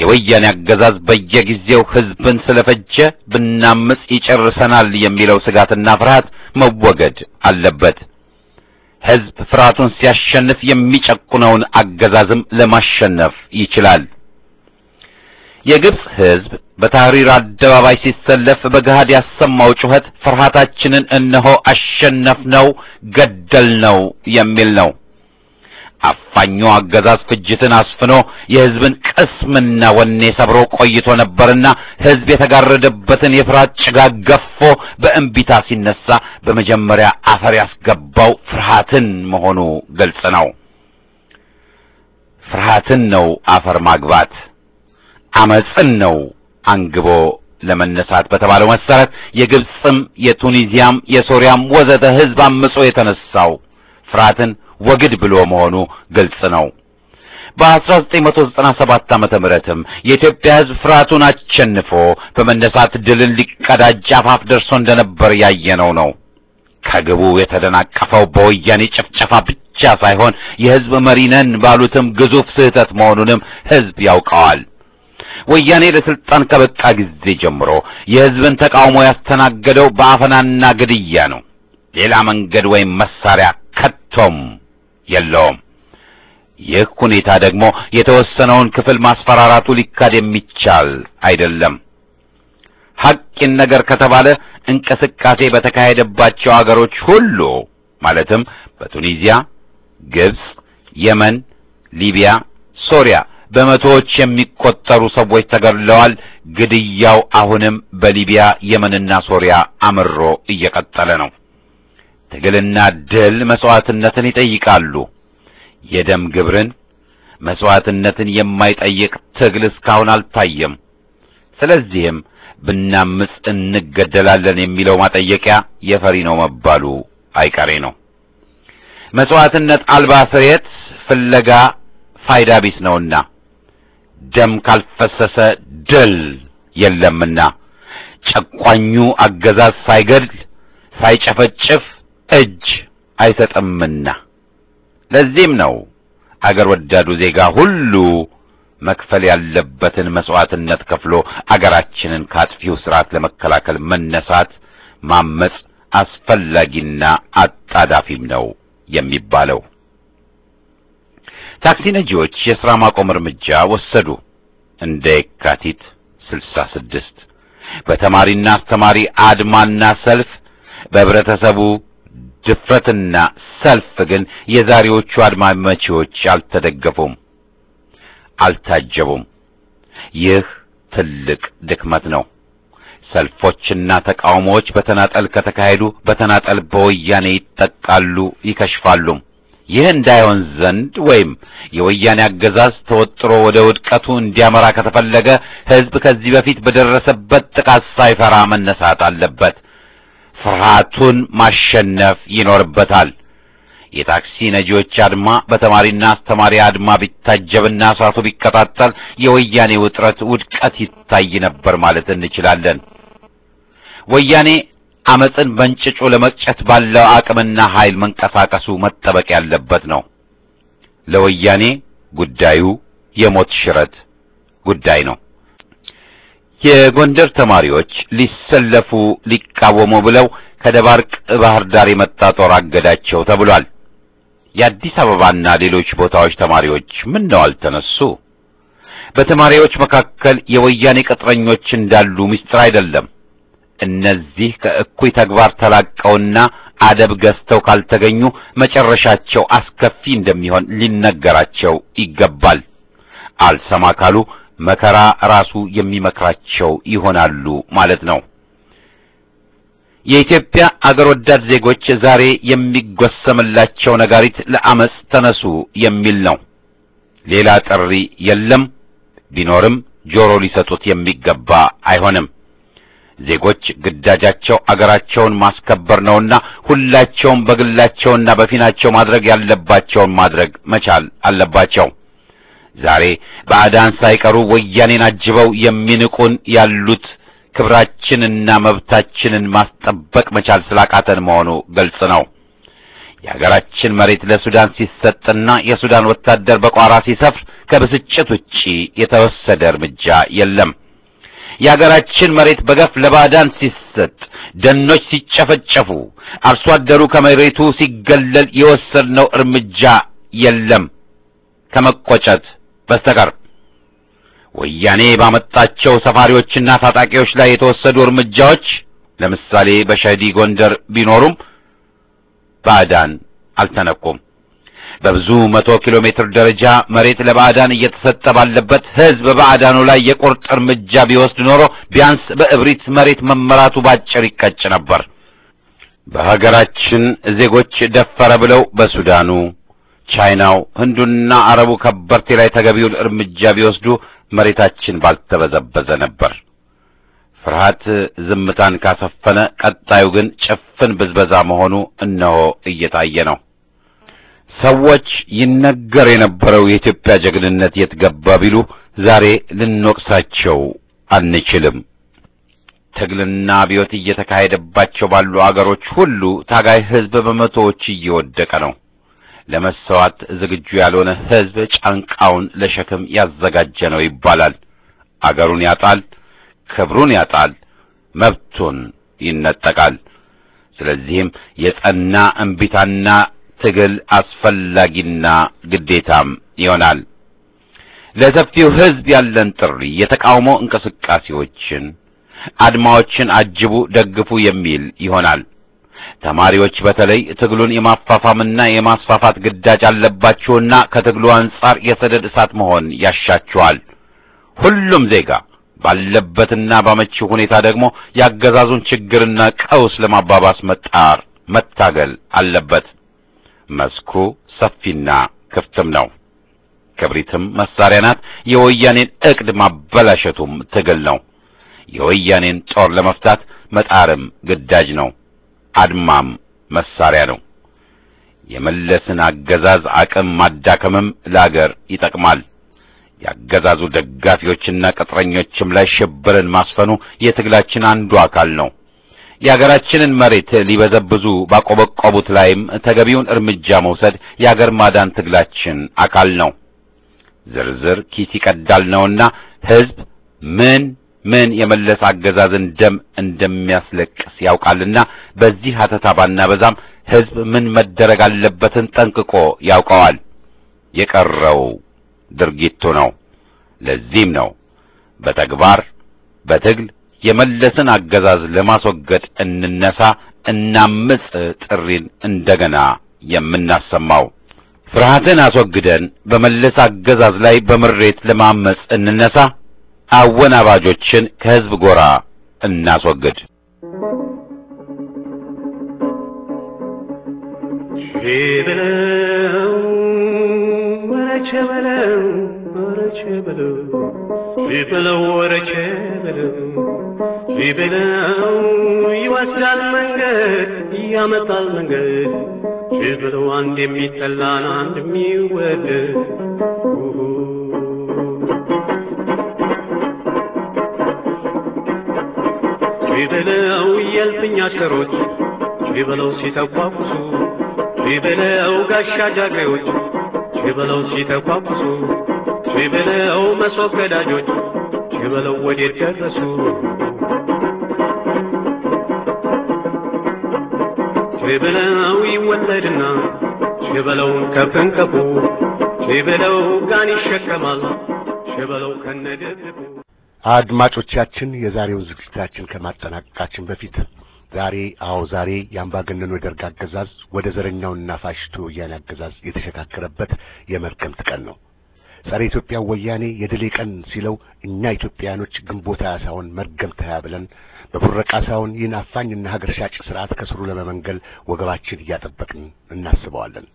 የወያኔ አገዛዝ በየጊዜው ሕዝብን ስለፈጀ ብናምፅ ይጨርሰናል የሚለው ስጋትና ፍርሃት መወገድ አለበት። ሕዝብ ፍርሃቱን ሲያሸንፍ የሚጨቁነውን አገዛዝም ለማሸነፍ ይችላል። የግብፅ ሕዝብ በታህሪር አደባባይ ሲሰለፍ በገሃድ ያሰማው ጩኸት ፍርሃታችንን እነሆ አሸነፍነው፣ ገደልነው የሚል ነው። አፋኙ አገዛዝ ፍጅትን አስፍኖ የህዝብን ቅስምና ወኔ ሰብሮ ቆይቶ ነበርና ሕዝብ የተጋረደበትን የፍርሃት ጭጋግ ገፎ በእንቢታ ሲነሳ በመጀመሪያ አፈር ያስገባው ፍርሃትን መሆኑ ግልጽ ነው። ፍርሃትን ነው አፈር ማግባት። አመፅን ነው አንግቦ ለመነሳት በተባለው መሰረት የግብፅም የቱኒዚያም የሶሪያም ወዘተ ህዝብ አምጾ የተነሳው ፍርሃትን ወግድ ብሎ መሆኑ ግልጽ ነው። በ1997 ዓመተ ምህረትም የኢትዮጵያ ህዝብ ፍርሃቱን አቸንፎ በመነሳት ድልን ሊቀዳጅ አፋፍ ደርሶ እንደነበር ያየነው ነው። ከግቡ የተደናቀፈው በወያኔ ጭፍጨፋ ብቻ ሳይሆን የህዝብ መሪ ነን ባሉትም ግዙፍ ስህተት መሆኑንም ህዝብ ያውቀዋል። ወያኔ ለስልጣን ከበቃ ጊዜ ጀምሮ የህዝብን ተቃውሞ ያስተናገደው በአፈናና ግድያ ነው። ሌላ መንገድ ወይም መሳሪያ ከቶም የለውም። ይህ ሁኔታ ደግሞ የተወሰነውን ክፍል ማስፈራራቱ ሊካድ የሚቻል አይደለም። ሐቂን ነገር ከተባለ እንቅስቃሴ በተካሄደባቸው አገሮች ሁሉ ማለትም በቱኒዚያ፣ ግብፅ፣ የመን፣ ሊቢያ፣ ሶሪያ በመቶዎች የሚቆጠሩ ሰዎች ተገድለዋል። ግድያው አሁንም በሊቢያ የመንና ሶሪያ አምሮ እየቀጠለ ነው። ትግልና ድል መስዋዕትነትን ይጠይቃሉ። የደም ግብርን መስዋዕትነትን የማይጠይቅ ትግል እስካሁን አልታየም። ስለዚህም ብናምፅ እንገደላለን የሚለው ማጠየቂያ የፈሪ ነው መባሉ አይቀሬ ነው። መስዋዕትነት አልባ ፍሬት ፍለጋ ፋይዳ ቢስ ነውና ደም ካልፈሰሰ ድል የለምና ጨቋኙ አገዛዝ ሳይገድል ሳይጨፈጭፍ እጅ አይሰጥምና። ለዚህም ነው አገር ወዳዱ ዜጋ ሁሉ መክፈል ያለበትን መስዋዕትነት ከፍሎ አገራችንን ከአጥፊው ስርዓት ለመከላከል መነሳት፣ ማመጽ አስፈላጊና አጣዳፊም ነው የሚባለው። ታክሲ ነጂዎች የሥራ ማቆም እርምጃ ወሰዱ። እንደ የካቲት 66 በተማሪና አስተማሪ አድማና ሰልፍ በህብረተሰቡ ድፍረትና ሰልፍ ግን የዛሬዎቹ አድማ መቺዎች አልተደገፉም፣ አልታጀቡም። ይህ ትልቅ ድክመት ነው። ሰልፎችና ተቃውሞዎች በተናጠል ከተካሄዱ በተናጠል በወያኔ ይጠቃሉ፣ ይከሽፋሉ። ይህ እንዳይሆን ዘንድ ወይም የወያኔ አገዛዝ ተወጥሮ ወደ ውድቀቱ እንዲያመራ ከተፈለገ ህዝብ ከዚህ በፊት በደረሰበት ጥቃት ሳይፈራ መነሳት አለበት። ፍርሃቱን ማሸነፍ ይኖርበታል። የታክሲ ነጂዎች አድማ በተማሪና አስተማሪ አድማ ቢታጀብና እሳቱ ቢቀጣጠል የወያኔ ውጥረት ውድቀት ይታይ ነበር ማለት እንችላለን። ወያኔ ዓመፅን በእንጭጩ ለመቅጨት ባለው አቅምና ኃይል መንቀሳቀሱ መጠበቅ ያለበት ነው። ለወያኔ ጉዳዩ የሞት ሽረት ጉዳይ ነው። የጎንደር ተማሪዎች ሊሰለፉ ሊቃወሙ ብለው ከደባርቅ ባህር ዳር የመጣ ጦር አገዳቸው ተብሏል። የአዲስ አበባና ሌሎች ቦታዎች ተማሪዎች ምን ነው አልተነሱ? በተማሪዎች መካከል የወያኔ ቅጥረኞች እንዳሉ ምስጢር አይደለም። እነዚህ ከእኩይ ተግባር ተላቀውና አደብ ገዝተው ካልተገኙ መጨረሻቸው አስከፊ እንደሚሆን ሊነገራቸው ይገባል። አልሰማ ካሉ መከራ ራሱ የሚመክራቸው ይሆናሉ ማለት ነው። የኢትዮጵያ አገር ወዳድ ዜጎች ዛሬ የሚጎሰምላቸው ነጋሪት ለአመፅ ተነሱ የሚል ነው። ሌላ ጥሪ የለም። ቢኖርም ጆሮ ሊሰጡት የሚገባ አይሆንም። ዜጎች ግዳጃቸው አገራቸውን ማስከበር ነውና ሁላቸውም በግላቸውና በፊናቸው ማድረግ ያለባቸውን ማድረግ መቻል አለባቸው። ዛሬ በአዳን ሳይቀሩ ወያኔን አጅበው የሚንቁን ያሉት ክብራችንና መብታችንን ማስጠበቅ መቻል ስላቃተን መሆኑ ግልጽ ነው። የሀገራችን መሬት ለሱዳን ሲሰጥና የሱዳን ወታደር በቋራ ሲሰፍር ከብስጭት ውጪ የተወሰደ እርምጃ የለም። የአገራችን መሬት በገፍ ለባዳን ሲሰጥ፣ ደኖች ሲጨፈጨፉ፣ አርሶ አደሩ ከመሬቱ ሲገለል የወሰድነው እርምጃ የለም ከመቆጨት በስተቀር። ወያኔ ባመጣቸው ሰፋሪዎችና ታጣቂዎች ላይ የተወሰዱ እርምጃዎች ለምሳሌ በሸዲ ጎንደር ቢኖሩም ባዕዳን አልተነቁም። በብዙ መቶ ኪሎ ሜትር ደረጃ መሬት ለባዕዳን እየተሰጠ ባለበት ሕዝብ በባዕዳኑ ላይ የቁርጥ እርምጃ ቢወስድ ኖሮ ቢያንስ በእብሪት መሬት መመራቱ ባጭር ይቀጭ ነበር። በሀገራችን ዜጎች ደፈረ ብለው በሱዳኑ፣ ቻይናው፣ ህንዱና አረቡ ከበርቴ ላይ ተገቢውን እርምጃ ቢወስዱ መሬታችን ባልተበዘበዘ ነበር። ፍርሃት ዝምታን ካሰፈነ፣ ቀጣዩ ግን ጭፍን ብዝበዛ መሆኑ እነሆ እየታየ ነው። ሰዎች ይነገር የነበረው የኢትዮጵያ ጀግንነት የት ገባ ቢሉ ዛሬ ልንወቅሳቸው አንችልም። ትግልና አብዮት እየተካሄደባቸው ባሉ አገሮች ሁሉ ታጋይ ሕዝብ በመቶዎች እየወደቀ ነው። ለመሰዋት ዝግጁ ያልሆነ ሕዝብ ጫንቃውን ለሸክም ያዘጋጀ ነው ይባላል። አገሩን ያጣል፣ ክብሩን ያጣል፣ መብቱን ይነጠቃል። ስለዚህም የጸና እምቢታና ትግል አስፈላጊና ግዴታም ይሆናል። ለሰፊው ሕዝብ ያለን ጥሪ የተቃውሞ እንቅስቃሴዎችን፣ አድማዎችን አጅቡ፣ ደግፉ የሚል ይሆናል። ተማሪዎች በተለይ ትግሉን የማፋፋምና የማስፋፋት ግዳጅ አለባችሁና ከትግሉ አንጻር የሰደድ እሳት መሆን ያሻችኋል። ሁሉም ዜጋ ባለበትና ባመቺው ሁኔታ ደግሞ ያገዛዙን ችግርና ቀውስ ለማባባስ መጣር መታገል አለበት። መስኩ ሰፊና ክፍትም ነው። ክብሪትም መሳሪያ ናት። የወያኔን እቅድ ማበላሸቱም ትግል ነው። የወያኔን ጦር ለመፍታት መጣርም ግዳጅ ነው። አድማም መሳሪያ ነው። የመለስን አገዛዝ አቅም ማዳከምም ለአገር ይጠቅማል። የአገዛዙ ደጋፊዎችና ቅጥረኞችም ላይ ሽብርን ማስፈኑ የትግላችን አንዱ አካል ነው። የአገራችንን መሬት ሊበዘብዙ ባቆበቆቡት ላይም ተገቢውን እርምጃ መውሰድ የአገር ማዳን ትግላችን አካል ነው። ዝርዝር ኪስ ይቀዳል ነውና ሕዝብ ምን ምን የመለስ አገዛዝን ደም እንደሚያስለቅስ ያውቃልና በዚህ ሀተታ ባናበዛም ሕዝብ ምን መደረግ አለበትን ጠንቅቆ ያውቀዋል። የቀረው ድርጊቱ ነው። ለዚህም ነው በተግባር በትግል የመለስን አገዛዝ ለማስወገድ እንነሳ እናምጽ ጥሪን እንደገና የምናሰማው። ፍርሃትን አስወግደን በመለስ አገዛዝ ላይ በምሬት ለማመጽ እንነሳ አወናባጆችን ከህዝብ ጎራ እናስወግድ። ሺህ ብለው በለው ወረቼ በለው ቢበለው ወረቼ በለው ቢበለው ይወስዳል መንገድ ያመጣል መንገድ ቢበለው አንድ የሚጠላን አንድ የሚወደድ ቢበለው እየልፍኝ አሽከሮች ቢበለው ሲተኳኩሱ ቢበለው ጋሻ ጃግሬዎች ሽበለው ሲተኳኩሱ ሽበለው መሶብ ከዳጆች ሽበለው ወዴት ደረሱ ሽበለው ይወለድና ሽበለውን ከፍንከፉ ሽበለው ጋን ይሸከማል ሽበለው ከነደብድቡ አድማጮቻችን የዛሬውን ዝግጅታችን ከማጠናቀቃችን በፊት ዛሬ አዎ ዛሬ የአምባገነኑ የደርግ አገዛዝ ወደ ዘረኛውና ፋሽቱ ወያኔ አገዛዝ የተሸካከረበት የመርገምት ቀን ነው። ጸረ ኢትዮጵያ ወያኔ የድሌ ቀን ሲለው እኛ ኢትዮጵያኖች ግንቦት ሃያ ሳይሆን መርገምት ሃያ ብለን በቡረቃ ሳይሆን ይህን አፋኝና ሀገር ሻጭ ስርዓት ከስሩ ለመመንገል ወገባችን እያጠበቅን እናስበዋለን።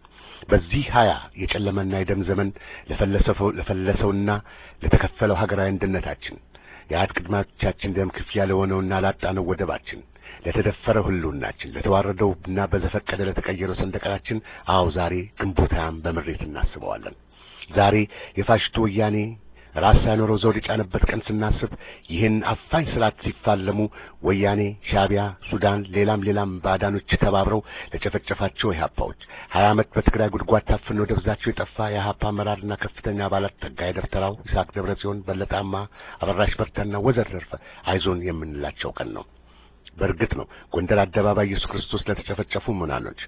በዚህ ሃያ የጨለመና የደም ዘመን ለፈለሰውና ለተከፈለው ሀገራዊ አንድነታችን የአያት ቅድማቻችን ደም ክፍያ ለሆነውና ላጣነው ወደባችን ለተደፈረ ህልውናችን፣ ለተዋረደው እና በዘፈቀደ ለተቀየረው ሰንደቃችን አዎ ዛሬ ግንቦት ሃያን በምሬት እናስበዋለን። ዛሬ የፋሽቱ ወያኔ ራስ ሳይኖረው ዘውድ የጫነበት ቀን ስናስብ ይህን አፋኝ ስርዓት ሲፋለሙ ወያኔ፣ ሻቢያ ሱዳን፣ ሌላም ሌላም ባዕዳኖች ተባብረው ለጨፈጨፋቸው ኢህአፓዎች ሀያ ዓመት በትግራይ ጉድጓድ ታፍነው ደብዛቸው የጠፋ የሀፓ አመራርና ከፍተኛ አባላት ጠጋ ደብተራው፣ ይስሐቅ ደብረ ጽዮን፣ በለጣማ፣ አበራሽ በርታና ወዘተርፈ አይዞን የምንላቸው ቀን ነው። በእርግጥ ነው ጎንደር አደባባይ ኢየሱስ ክርስቶስ ለተጨፈጨፉ ምዕመናኖች፣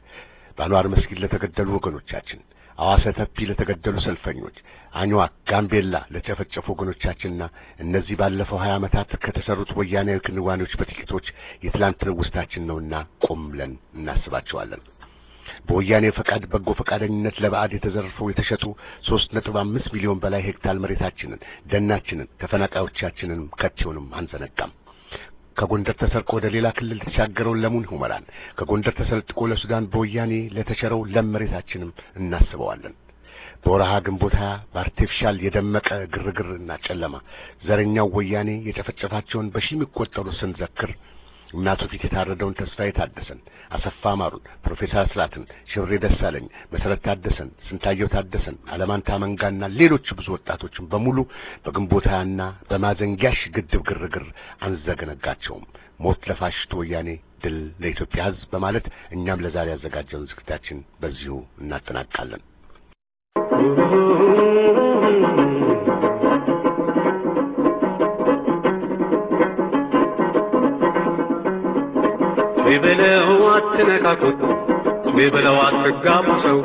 ባሏር መስጊድ ለተገደሉ ወገኖቻችን፣ አዋሰ ተፒ ለተገደሉ ሰልፈኞች፣ አኝዋ ጋምቤላ ለጨፈጨፉ ወገኖቻችንና እነዚህ ባለፈው ሀያ ዓመታት ከተሰሩት ወያኔ ክንዋኔዎች በጥቂቶች የትላንት ውስታችን ነውና ቆም ብለን እናስባቸዋለን። በወያኔ ፈቃድ በጎ ፈቃደኝነት ለባዕድ የተዘረፈው የተሸጡ ሦስት ነጥብ አምስት ሚሊዮን በላይ ሄክታር መሬታችንን፣ ደናችንን፣ ተፈናቃዮቻችንንም ከቴውንም አንዘነጋም። ከጎንደር ተሰርቆ ወደ ሌላ ክልል ተሻገረው ለሙን ሁመራን ከጎንደር ተሰልጥቆ ለሱዳን በወያኔ ለተቸረው ለም መሬታችንም እናስበዋለን። በወረሃ ግንቦት ሀያ በአርቴፊሻል የደመቀ ግርግርና ጨለማ ዘረኛው ወያኔ የጨፈጨፋቸውን በሺህ የሚቆጠሩ ስንዘክር እና አቶ ፊት የታረደውን፣ ተስፋ የታደሰን አሰፋ ማሩን፣ ፕሮፌሰር አስራትን፣ ሽብሬ ደሳለኝ፣ መሰረት ታደሰን፣ ስንታየው ታደሰን፣ አለማንታ መንጋና ሌሎች ብዙ ወጣቶችን በሙሉ በግንቦታና በማዘንጊያሽ ግድብ ግርግር አንዘገነጋቸውም። ሞት ለፋሽቱ ወያኔ ድል ለኢትዮጵያ ህዝብ በማለት እኛም ለዛሬ ያዘጋጀውን ዝግጅታችን በዚሁ እናጠናቃለን። ብለው አትነካኩት፣ ብለው አትጋቡ ሰው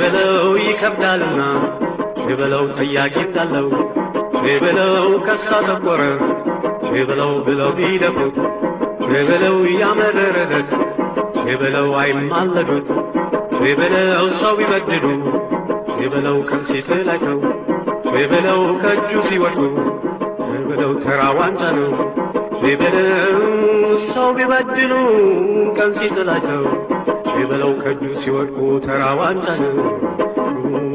ብለው ይከብዳልና፣ ብለው ጥያቄ እንዳለው ብለው ከሳ ተቆረ ብለው ብለው ቢደፉት ብለው እያመረረለት ብለው አይማለዱት ብለው ሰው ቢበድሉ ብለው ቀን ሲጥላቸው ብለው ከእጁ ሲወድቁ ብለው ተራ ዋንጫ ነው ቢበልም ሰው ቢበድሉ ቀን ሲጥላቸው ቢበለው ከእጁ ሲወድቁ ተራው ነው።